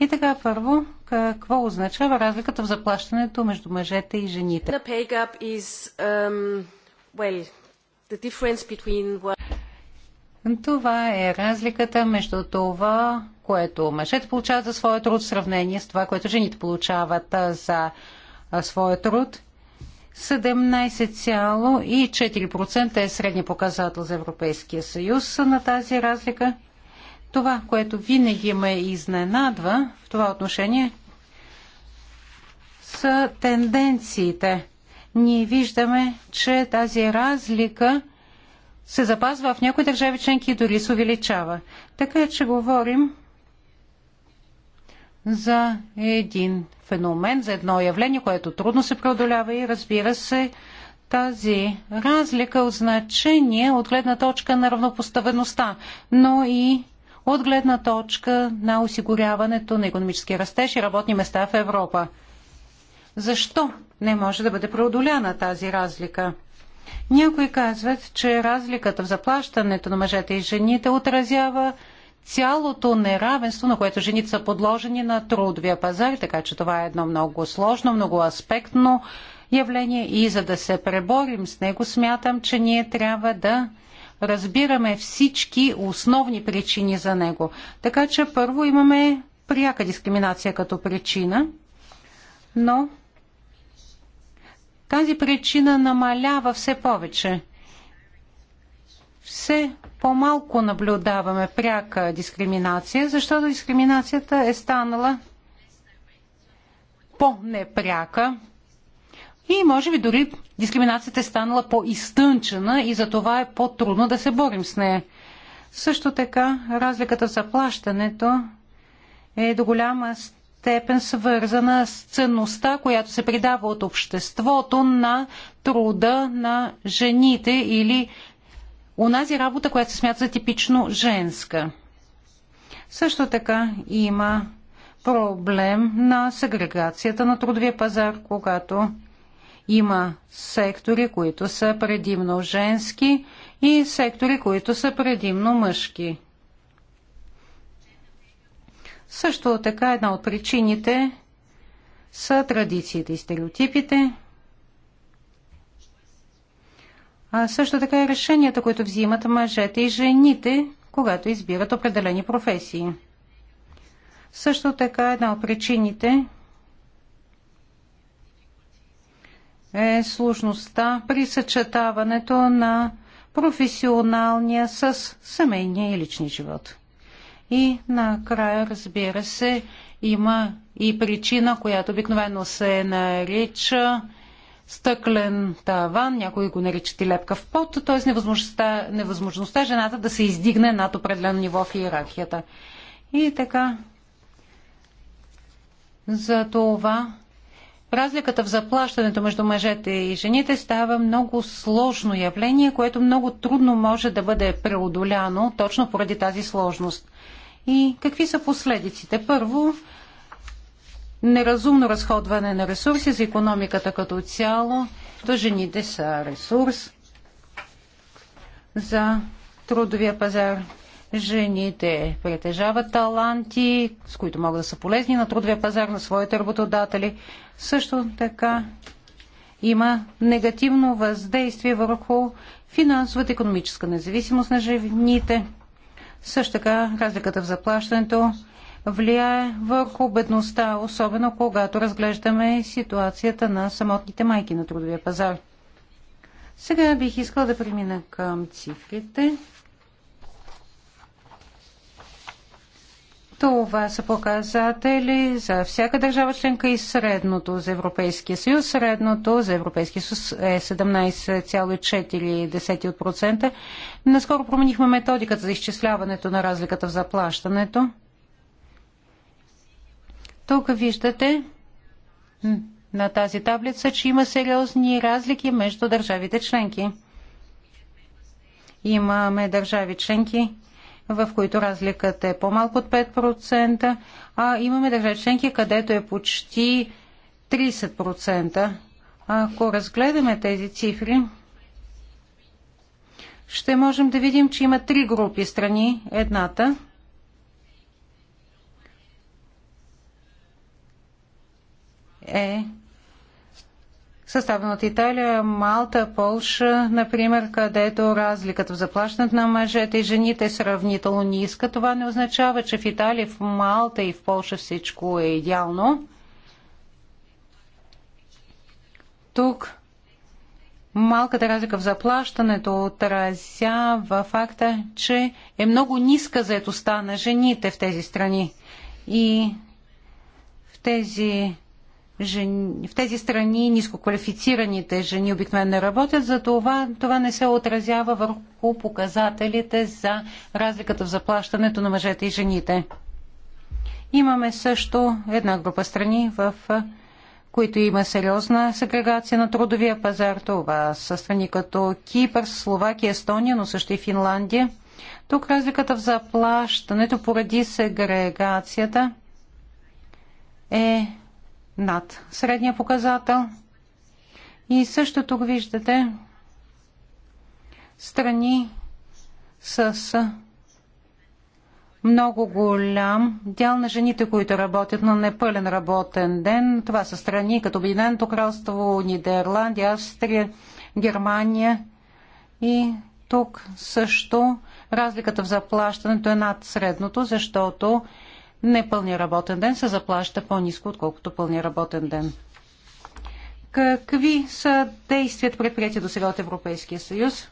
И така, първо, какво означава разликата в заплащането между мъжете и жените? Is, um, well, between... Това е разликата между това, което мъжете получават за своя труд в сравнение с това, което жените получават за своя труд. 17,4% е средния показател за Европейския съюз на тази разлика. Това, което винаги ме изненадва в това отношение, са тенденциите. Ние виждаме, че тази разлика – се запазва, в някои държави членки дори се увеличава. Така че говорим за един феномен, за едно явление, което трудно се преодолява и разбира се, тази разлика от значение от гледна точка на равнопоставеността, но и от гледна точка на осигуряването на економически растеж и работни места в Европа. Защо не може да бъде преодоляна тази разлика? Някои казват, че разликата в заплащането на мъжете и жените отразява цялото неравенство, на което жените са подложени на трудовия пазар, така че това е едно много сложно, много аспектно явление и за да се преборим с него, смятам, че ние трябва да разбираме всички основни причини за него. Така че първо имаме пряка дискриминация като причина, но тази причина намалява все повече. Все по-малко наблюдаваме пряка дискриминация, защото дискриминацията е станала по-непряка и може би дори дискриминацията е станала по-изтънчена и за това е по-трудно да се борим с нея. Също така разликата в заплащането е до голяма степен степен свързана с ценността, която се придава от обществото на труда на жените или унази работа, която се смята за типично женска. Също така има проблем на сегрегацията на трудовия пазар, когато има сектори, които са предимно женски и сектори, които са предимно мъжки. Също така една от причините са традициите и стереотипите, а също така и решенията, които взимат мъжете и жените, когато избират определени професии. Също така една от причините е сложността при съчетаването на професионалния с семейния и личния живот. И накрая, разбира се, има и причина, която обикновено се нарича стъклен таван, някои го наричат и лепка в пот, т.е. Невъзможността, невъзможността жената да се издигне над определено ниво в иерархията. И така, за това разликата в заплащането между мъжете и жените става много сложно явление, което много трудно може да бъде преодоляно точно поради тази сложност. И какви са последиците? Първо, неразумно разходване на ресурси за економиката като цяло. То жените са ресурс за трудовия пазар. Жените притежават таланти, с които могат да са полезни на трудовия пазар на своите работодатели. Също така има негативно въздействие върху финансовата економическа независимост на жените. Също така разликата в заплащането влияе върху бедността, особено когато разглеждаме ситуацията на самотните майки на трудовия пазар. Сега бих искала да премина към цифрите. Това са показатели за всяка държава членка и средното за Европейския съюз. Средното за Европейския съюз е 17,4%. Наскоро променихме методиката за изчисляването на разликата в заплащането. Тук виждате на тази таблица, че има сериозни разлики между държавите членки. Имаме държави членки, в които разликата е по-малко от 5%, а имаме държави членки, където е почти 30%. Ако разгледаме тези цифри, ще можем да видим, че има три групи страни. Едната е съставен от Италия, Малта, Полша, например, където разликата в заплащането на мъжете и жените е сравнително ниска. Това не означава, че в Италия, в Малта и в Полша всичко е идеално. Тук малката разлика в заплащането отразява факта, че е много ниска заетостта на жените в тези страни. И в тези жени, в тези страни нискоквалифицираните жени обикновено не работят, затова това не се отразява върху показателите за разликата в заплащането на мъжете и жените. Имаме също една група страни, в които има сериозна сегрегация на трудовия пазар. Това са страни като Кипър, Словакия, Естония, но също и Финландия. Тук разликата в заплащането поради сегрегацията е над средния показател. И също тук виждате страни с много голям дял на жените, които работят на непълен работен ден. Това са страни като Обединеното кралство, Нидерландия, Австрия, Германия. И тук също разликата в заплащането е над средното, защото непълния работен ден се заплаща по-низко, отколкото пълния работен ден. Какви са действията предприятия до сега от Европейския съюз?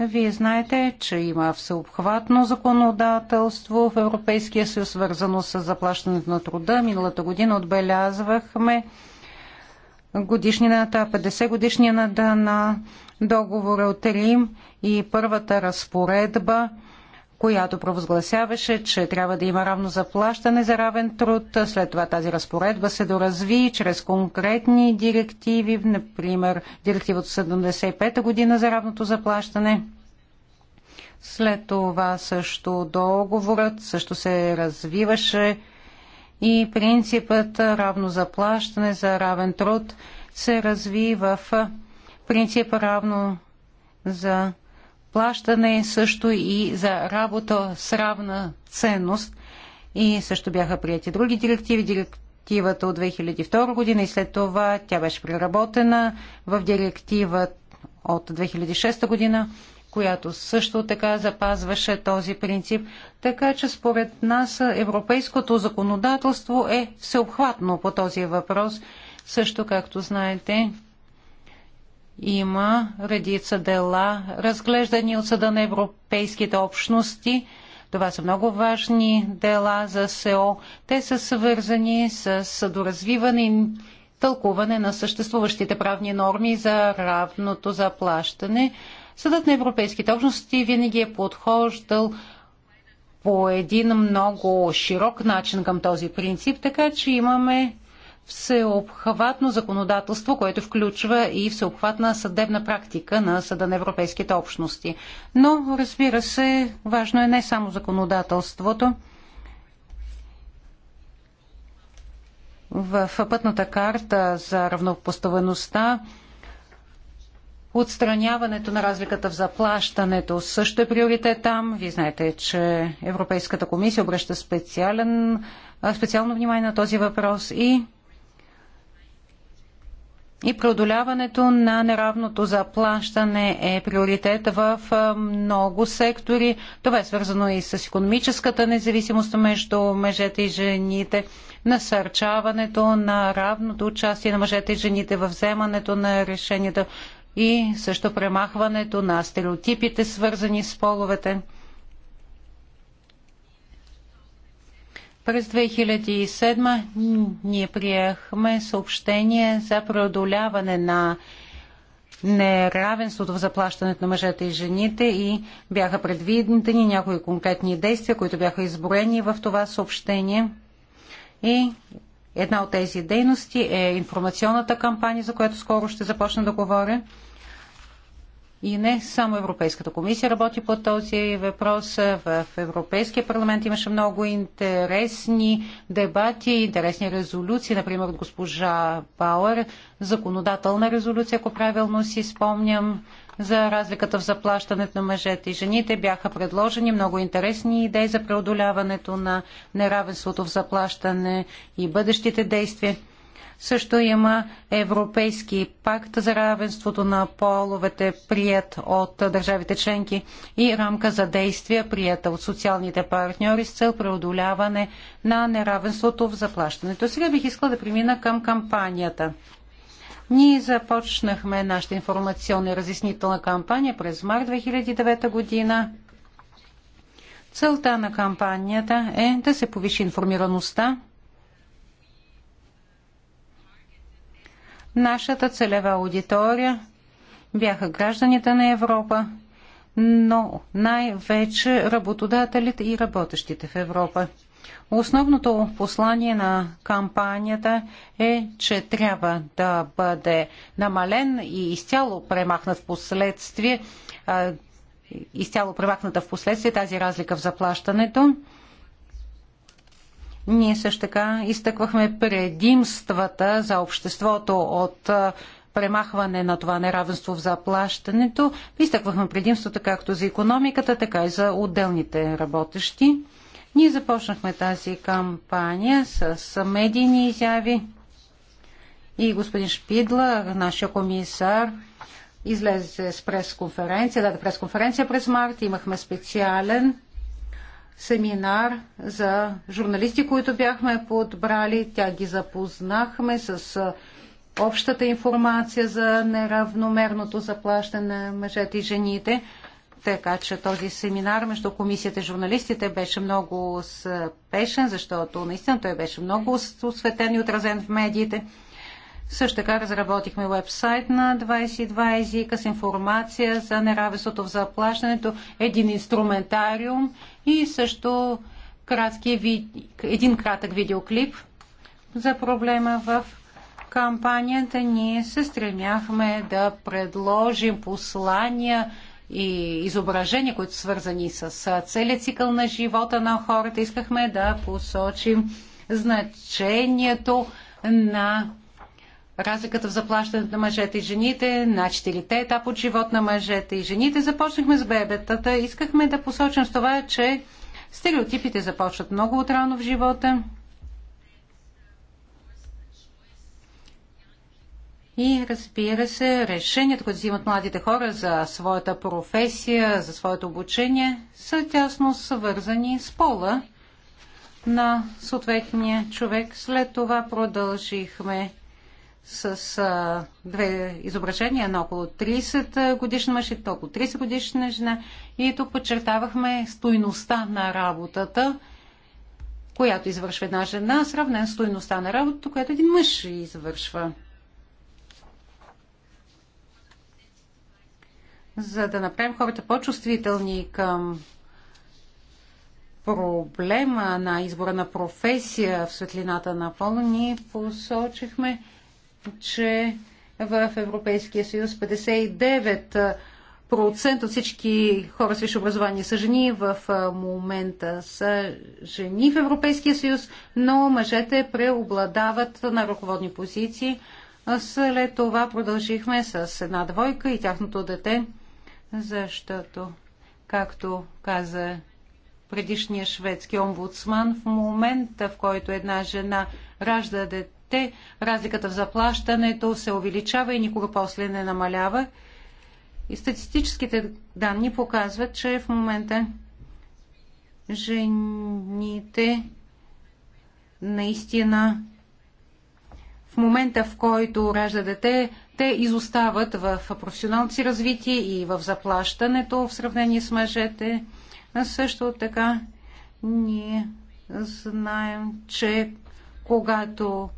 Вие знаете, че има всеобхватно законодателство в Европейския съюз, свързано с заплащането на труда. Миналата година отбелязвахме годишнината, 50 годишнината на договора от Рим и първата разпоредба – която провъзгласяваше, че трябва да има равно заплащане за равен труд. След това тази разпоредба се доразви чрез конкретни директиви, например директива от 75-та година за равното заплащане. След това също договорът също се развиваше и принципът равно заплащане за равен труд се разви в принципа равно за плащане, също и за работа с равна ценност. И също бяха прияти други директиви, директивата от 2002 година и след това тя беше преработена в директива от 2006 година, която също така запазваше този принцип. Така че според нас европейското законодателство е всеобхватно по този въпрос. Също както знаете, има редица дела, разглеждани от Съда на Европейските общности. Това са много важни дела за СЕО. Те са свързани с доразвиване и тълкуване на съществуващите правни норми за равното заплащане. Съдът на Европейските общности винаги е подхождал по един много широк начин към този принцип, така че имаме всеобхватно законодателство, което включва и всеобхватна съдебна практика на Съда на Европейските общности. Но, разбира се, важно е не само законодателството. В пътната карта за равнопоставеността Отстраняването на разликата в заплащането също е приоритет там. Вие знаете, че Европейската комисия обръща специален, специално внимание на този въпрос и и преодоляването на неравното заплащане е приоритет в много сектори. Това е свързано и с економическата независимост между мъжете и жените, насърчаването на равното участие на мъжете и жените в вземането на решенията и също премахването на стереотипите, свързани с половете. През 2007 ние приехме съобщение за преодоляване на неравенството в заплащането на мъжете и жените и бяха предвидени някои конкретни действия, които бяха изброени в това съобщение. И една от тези дейности е информационната кампания, за която скоро ще започна да говоря. И не само Европейската комисия работи по този въпрос. В Европейския парламент имаше много интересни дебати, интересни резолюции, например от госпожа Бауер, законодателна резолюция, ако правилно си спомням, за разликата в заплащането на мъжете и жените. Бяха предложени много интересни идеи за преодоляването на неравенството в заплащане и бъдещите действия. Също има Европейски пакт за равенството на половете, прият от държавите членки и рамка за действия, прията от социалните партньори с цел преодоляване на неравенството в заплащането. Сега бих искала да премина към кампанията. Ние започнахме нашата информационна и разяснителна кампания през март 2009 година. Целта на кампанията е да се повиши информираността Нашата целева аудитория бяха гражданите на Европа, но най-вече работодателите и работещите в Европа. Основното послание на кампанията е, че трябва да бъде намален и изцяло премахнат в последствие изцяло премахната в последствие тази разлика в заплащането ние също така изтъквахме предимствата за обществото от премахване на това неравенство в заплащането. Изтъквахме предимствата както за економиката, така и за отделните работещи. Ние започнахме тази кампания с медийни изяви и господин Шпидла, нашия комисар, излезе с пресконференция, даде прес-конференция през март, имахме специален семинар за журналисти, които бяхме подбрали. Тя ги запознахме с общата информация за неравномерното заплащане на мъжете и жените. Така че този семинар между комисията и журналистите беше много спешен, защото наистина той беше много осветен и отразен в медиите. Също така разработихме вебсайт на 22 езика с информация за неравенството в заплащането, един инструментариум и също кратки, ви... един кратък видеоклип за проблема в кампанията. Ние се стремяхме да предложим послания и изображения, които са свързани с целият цикъл на живота на хората. Искахме да посочим значението на разликата в заплащането на мъжете и жените, на значи четирите етап от живот на мъжете и жените. Започнахме с бебетата. Искахме да посочим с това, че стереотипите започват много отрано в живота. И разбира се, решенията, които взимат младите хора за своята професия, за своето обучение, са тясно свързани с пола на съответния човек. След това продължихме с а, две изображения, едно около 30 годишна мъж и около 30 годишна жена. И тук подчертавахме стойността на работата, която извършва една жена, сравнен с стойността на работата, която един мъж извършва. За да направим хората по-чувствителни към проблема на избора на професия в светлината на пълни, посочихме че в Европейския съюз 59% от всички хора с висше образование са жени, в момента са жени в Европейския съюз, но мъжете преобладават на ръководни позиции. След това продължихме с една двойка и тяхното дете, защото, както каза предишния шведски омбудсман, в момента, в който една жена ражда дете, те, разликата в заплащането се увеличава и никога после не намалява. И статистическите данни показват, че в момента жените наистина в момента, в който ражда дете, те изостават в професионалното си развитие и в заплащането в сравнение с мъжете. А също така ние знаем, че когато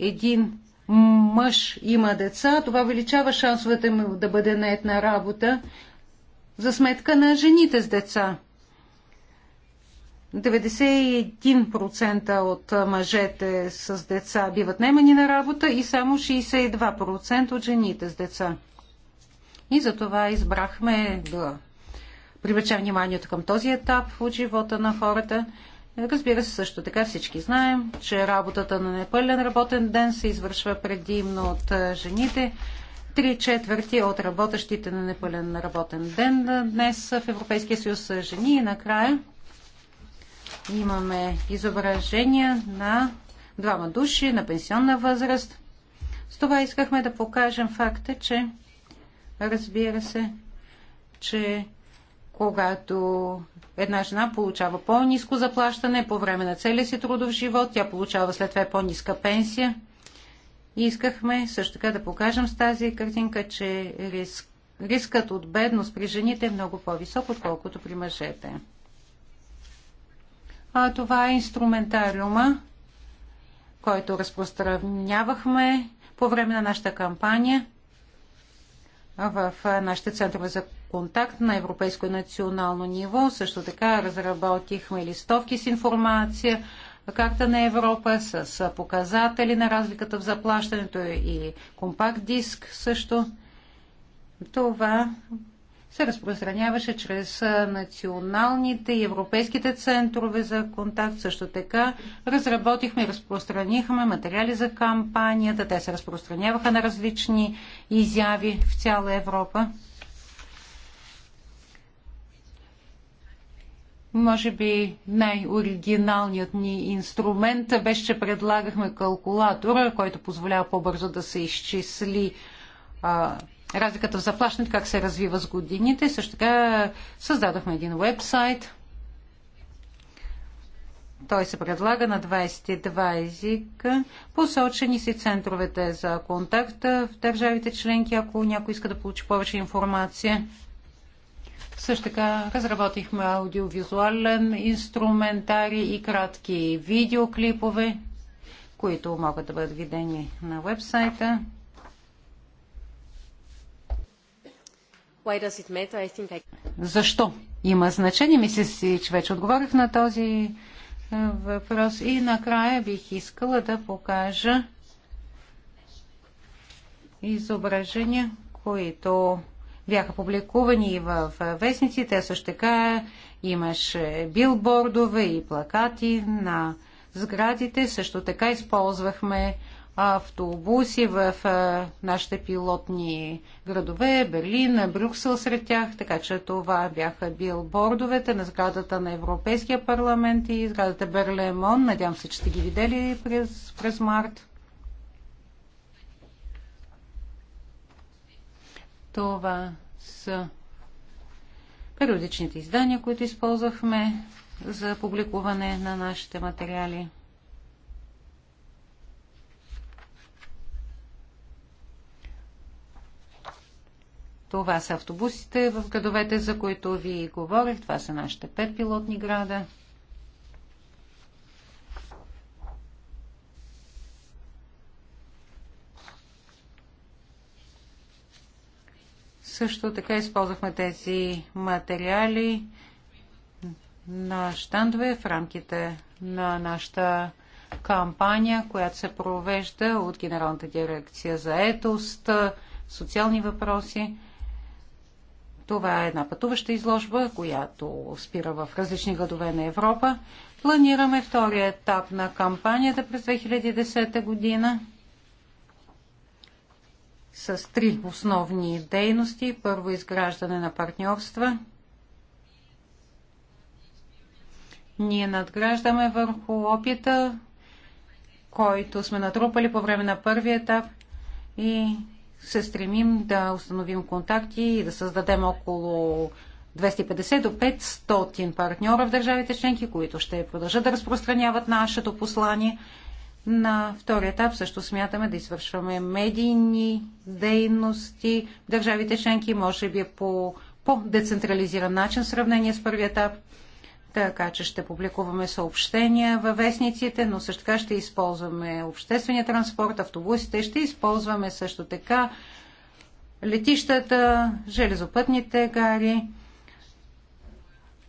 един мъж има деца, това увеличава шансовете му да бъде на една работа за сметка на жените с деца. 91% от мъжете с деца биват немани на работа и само 62% от жените с деца. И за това избрахме да привлечем вниманието към този етап от живота на хората – Разбира се, също така всички знаем, че работата на непълен работен ден се извършва предимно от е, жените. Три четвърти от работещите на непълен работен ден днес в Европейския съюз са жени. И накрая имаме изображения на двама души на пенсионна възраст. С това искахме да покажем факта, че разбира се, че когато една жена получава по-низко заплащане по време на целия си трудов живот, тя получава след това по-низка пенсия. И искахме също така да покажем с тази картинка, че риск, рискът от бедност при жените е много по-висок, отколкото при мъжете. А това е инструментариума, който разпространявахме по време на нашата кампания в нашите центрове за контакт на европейско и национално ниво. Също така разработихме листовки с информация Карта на Европа с показатели на разликата в заплащането и компакт диск също. Това се разпространяваше чрез националните и европейските центрове за контакт. Също така разработихме и разпространихме материали за кампанията. Те се разпространяваха на различни изяви в цяла Европа. Може би най-оригиналният ни инструмент беше, че предлагахме калкулатора, който позволява по-бързо да се изчисли а, разликата в заплащането, как се развива с годините. Също така създадохме един вебсайт. Той се предлага на 22 езика. Посочени си центровете за контакт в държавите членки, ако някой иска да получи повече информация. Също така разработихме аудиовизуален инструментарий и кратки видеоклипове, които могат да бъдат видени на вебсайта. I... Защо? Има значение. Мисля си, че вече отговорих на този е, въпрос. И накрая бих искала да покажа изображения, които бяха публикувани и в вестниците, също така имаше билбордове и плакати на сградите, също така използвахме автобуси в нашите пилотни градове, Берлин, Брюксел сред тях, така че това бяха билбордовете на сградата на Европейския парламент и сградата Берлемон. Надявам се, че сте ги видели през, през март. Това са периодичните издания, които използвахме за публикуване на нашите материали. Това са автобусите в градовете, за които ви говорих. Това са нашите пет пилотни града. Също така използвахме тези материали на щандове в рамките на нашата кампания, която се провежда от Генералната дирекция за етост, социални въпроси. Това е една пътуваща изложба, която спира в различни градове на Европа. Планираме втория етап на кампанията през 2010 година с три основни дейности. Първо изграждане на партньорства. Ние надграждаме върху опита, който сме натрупали по време на първи етап и се стремим да установим контакти и да създадем около 250 до 500 партньора в държавите членки, които ще продължат да разпространяват нашето послание – на втория етап също смятаме да извършваме медийни дейности в държавите членки, може би по по-децентрализиран начин в сравнение с първият. етап. Така че ще публикуваме съобщения във вестниците, но също така ще използваме обществения транспорт, автобусите, ще използваме също така летищата, железопътните гари.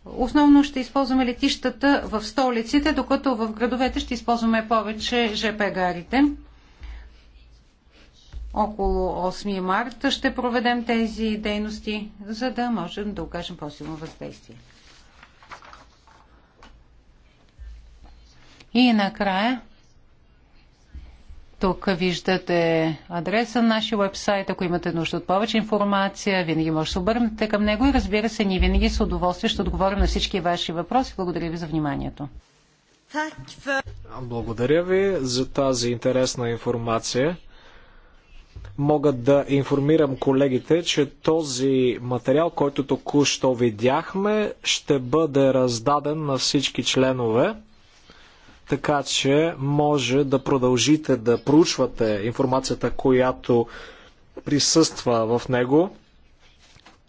Основно ще използваме летищата в столиците, докато в градовете ще използваме повече ЖП гарите. Около 8 марта ще проведем тези дейности, за да можем да окажем по-силно въздействие. И накрая тук виждате адреса на нашия вебсайт. Ако имате нужда от повече информация, винаги може да се обърнете към него и разбира се, ние винаги с удоволствие ще отговорим на всички ваши въпроси. Благодаря ви за вниманието. Благодаря ви за тази интересна информация. Мога да информирам колегите, че този материал, който току-що видяхме, ще бъде раздаден на всички членове така че може да продължите да проучвате информацията, която присъства в него.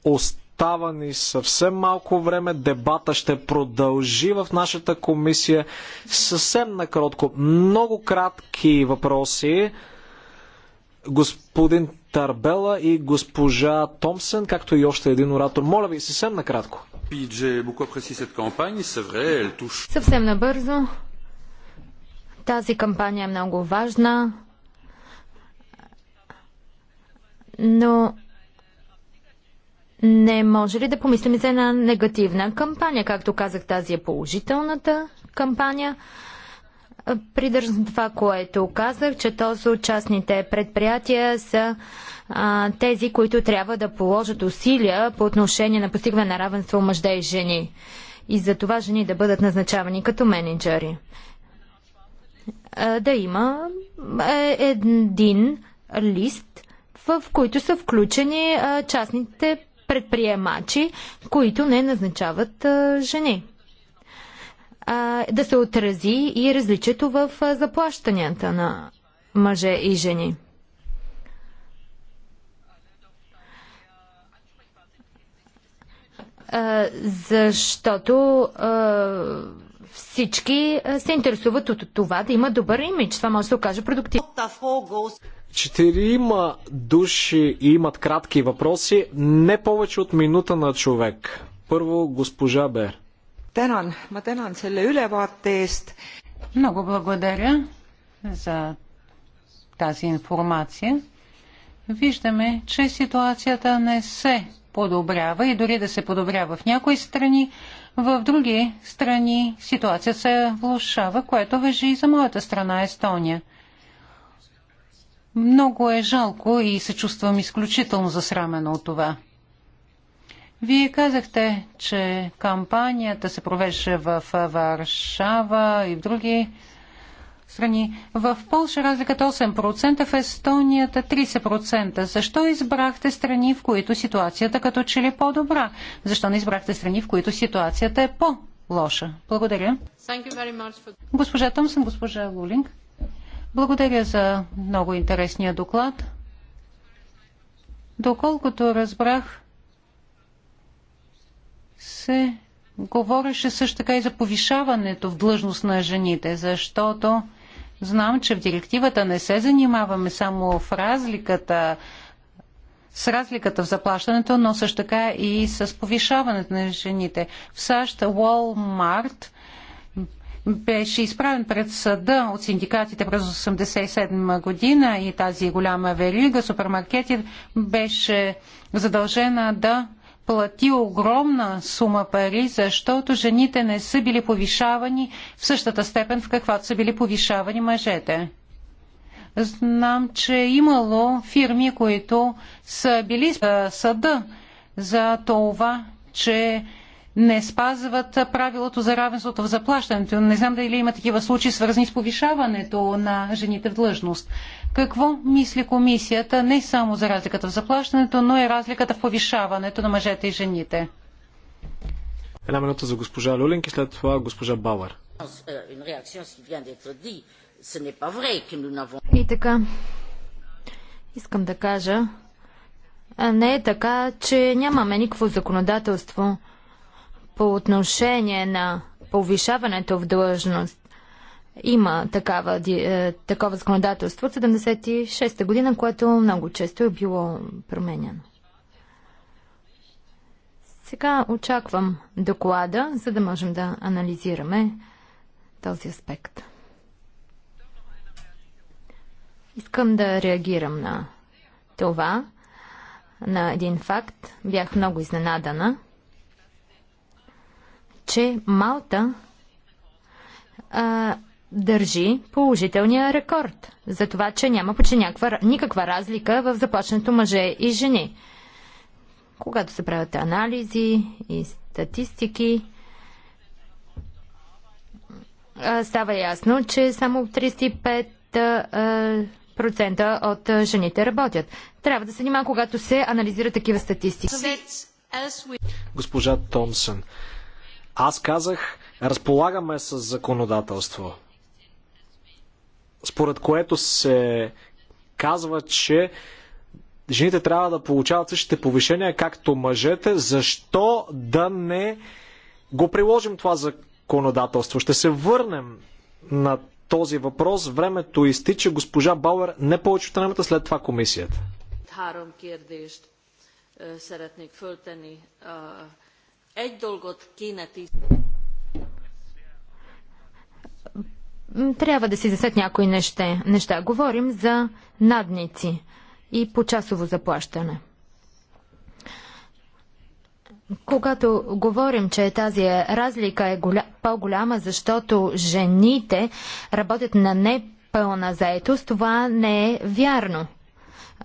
Остава ни съвсем малко време. Дебата ще продължи в нашата комисия съвсем накратко. Много кратки въпроси. Господин Тарбела и госпожа Томсън, както и още един оратор. Моля ви, съвсем накратко. Е съвсем набързо. Тази кампания е много важна, но не може ли да помислим за една негативна кампания? Както казах, тази е положителната кампания. Придържам това, което казах, че то частните предприятия са а, тези, които трябва да положат усилия по отношение на постигване на равенство мъжде и жени. И за това жени да бъдат назначавани като менеджери да има е, един лист, в който са включени частните предприемачи, които не назначават жени. Да се отрази и различието в заплащанията на мъже и жени. Защото всички се интересуват от това да има добър имидж. Това може да се окаже продуктивно. Четирима души имат кратки въпроси, не повече от минута на човек. Първо госпожа Бер. Тенан, ма тенан, selle ülevaate тест. Много благодаря за тази информация. Виждаме, че ситуацията не се подобрява и дори да се подобрява в някои страни, в други страни ситуация се влушава, което въжи и за моята страна Естония. Много е жалко и се чувствам изключително засрамена от това. Вие казахте, че кампанията се провеждаше в Варшава и в други страни. В Польша разликата 8%, е в Естонията 30%. Защо избрахте страни, в които ситуацията като че ли е по-добра? Защо не избрахте страни, в които ситуацията е по-лоша? Благодаря. For... Госпожа Томсън, госпожа Лулинг. Благодаря за много интересния доклад. Доколкото разбрах, се говореше също така и за повишаването в длъжност на жените, защото Знам, че в директивата не се занимаваме само в разликата с разликата в заплащането, но също така и с повишаването на жените. В САЩ Walmart беше изправен пред съда от синдикатите през 1987 година и тази голяма верига супермаркети беше задължена да плати огромна сума пари, защото жените не са били повишавани в същата степен, в каквато са били повишавани мъжете. Знам, че е имало фирми, които са били съда за това, че не спазват правилото за равенството в заплащането. Не знам дали има такива случаи, свързани с повишаването на жените в длъжност. Какво мисли комисията не само за разликата в заплащането, но и разликата в повишаването на мъжете и жените? Една минута за госпожа Люлинг и след това госпожа Бауер. И така, искам да кажа, не е така, че нямаме никакво законодателство по отношение на повишаването в длъжност. Има такава, е, такова законодателство от 76-та година, което много често е било променено. Сега очаквам доклада, за да можем да анализираме този аспект. Искам да реагирам на това, на един факт. Бях много изненадана, че Малта а, държи положителния рекорд за това, че няма почти някаква, никаква разлика в започнато мъже и жени. Когато се правят анализи и статистики, става ясно, че само 35 от жените работят. Трябва да се внимава, когато се анализира такива статистики. Госпожа Томсън, аз казах, разполагаме с законодателство според което се казва, че жените трябва да получават същите повишения, както мъжете, защо да не го приложим това законодателство? Ще се върнем на този въпрос. Времето изтича. Госпожа Бауер, не повече от времето, след това комисията. Е, трябва да си засет някои неща. неща. Говорим за надници и по часово заплащане. Когато говорим, че тази разлика е голя... по-голяма, защото жените работят на непълна заетост, това не е вярно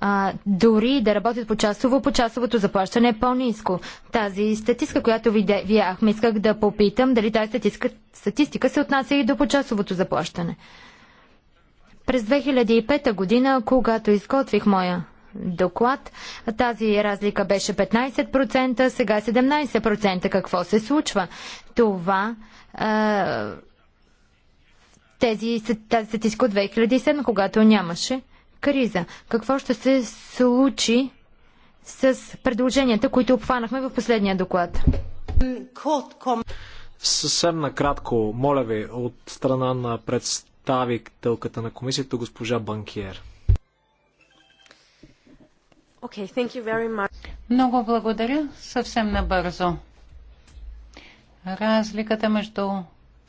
а, дори да работят по часово, по часовото заплащане е по-низко. Тази статистика, която видяхме, исках да попитам дали тази статистика, статистика се отнася и до по часовото заплащане. През 2005 година, когато изготвих моя доклад, тази разлика беше 15%, сега 17%. Е Какво се случва? Това а, тези, тази статистика от 2007, когато нямаше криза. Какво ще се случи с предложенията, които обхванахме в последния доклад? Съвсем накратко, моля ви, от страна на представителката на комисията, госпожа Банкиер. Okay, thank you very much. Много благодаря. Съвсем набързо. Разликата между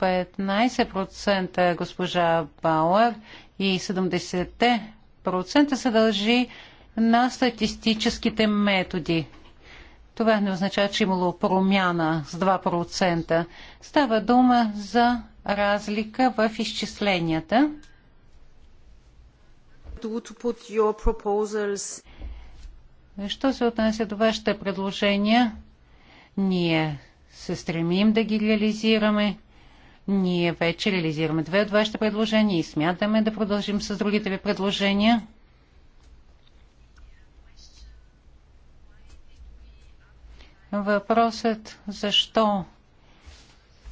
15% госпожа Бауер и 70-те 10% се дължи на статистическите методи. Това не означава, че е имало промяна с 2%. Става дума за разлика в изчисленията. Що се отнася до вашите предложения? Ние се стремим да ги реализираме. Ние вече реализираме две от вашите предложения и смятаме да продължим с другите ви предложения. Въпросът защо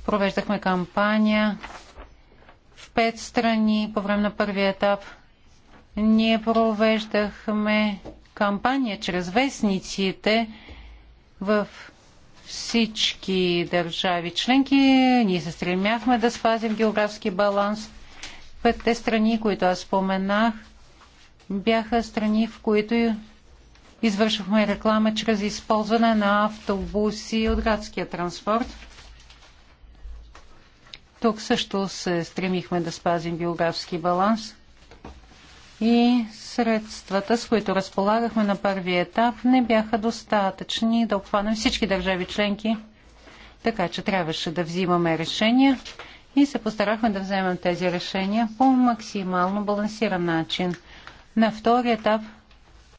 провеждахме кампания в пет страни по време на първия етап. Ние провеждахме кампания чрез вестниците в всички държави членки. Ние се стремяхме да спазим географски баланс. Петте страни, които аз споменах, бяха страни, в които извършвахме реклама чрез използване на автобуси от градския транспорт. Тук също се стремихме да спазим географски баланс. И средствата, с които разполагахме на първи етап, не бяха достатъчни да обхванем всички държави членки. Така че трябваше да взимаме решения и се постарахме да вземем тези решения по максимално балансиран начин. На втори етап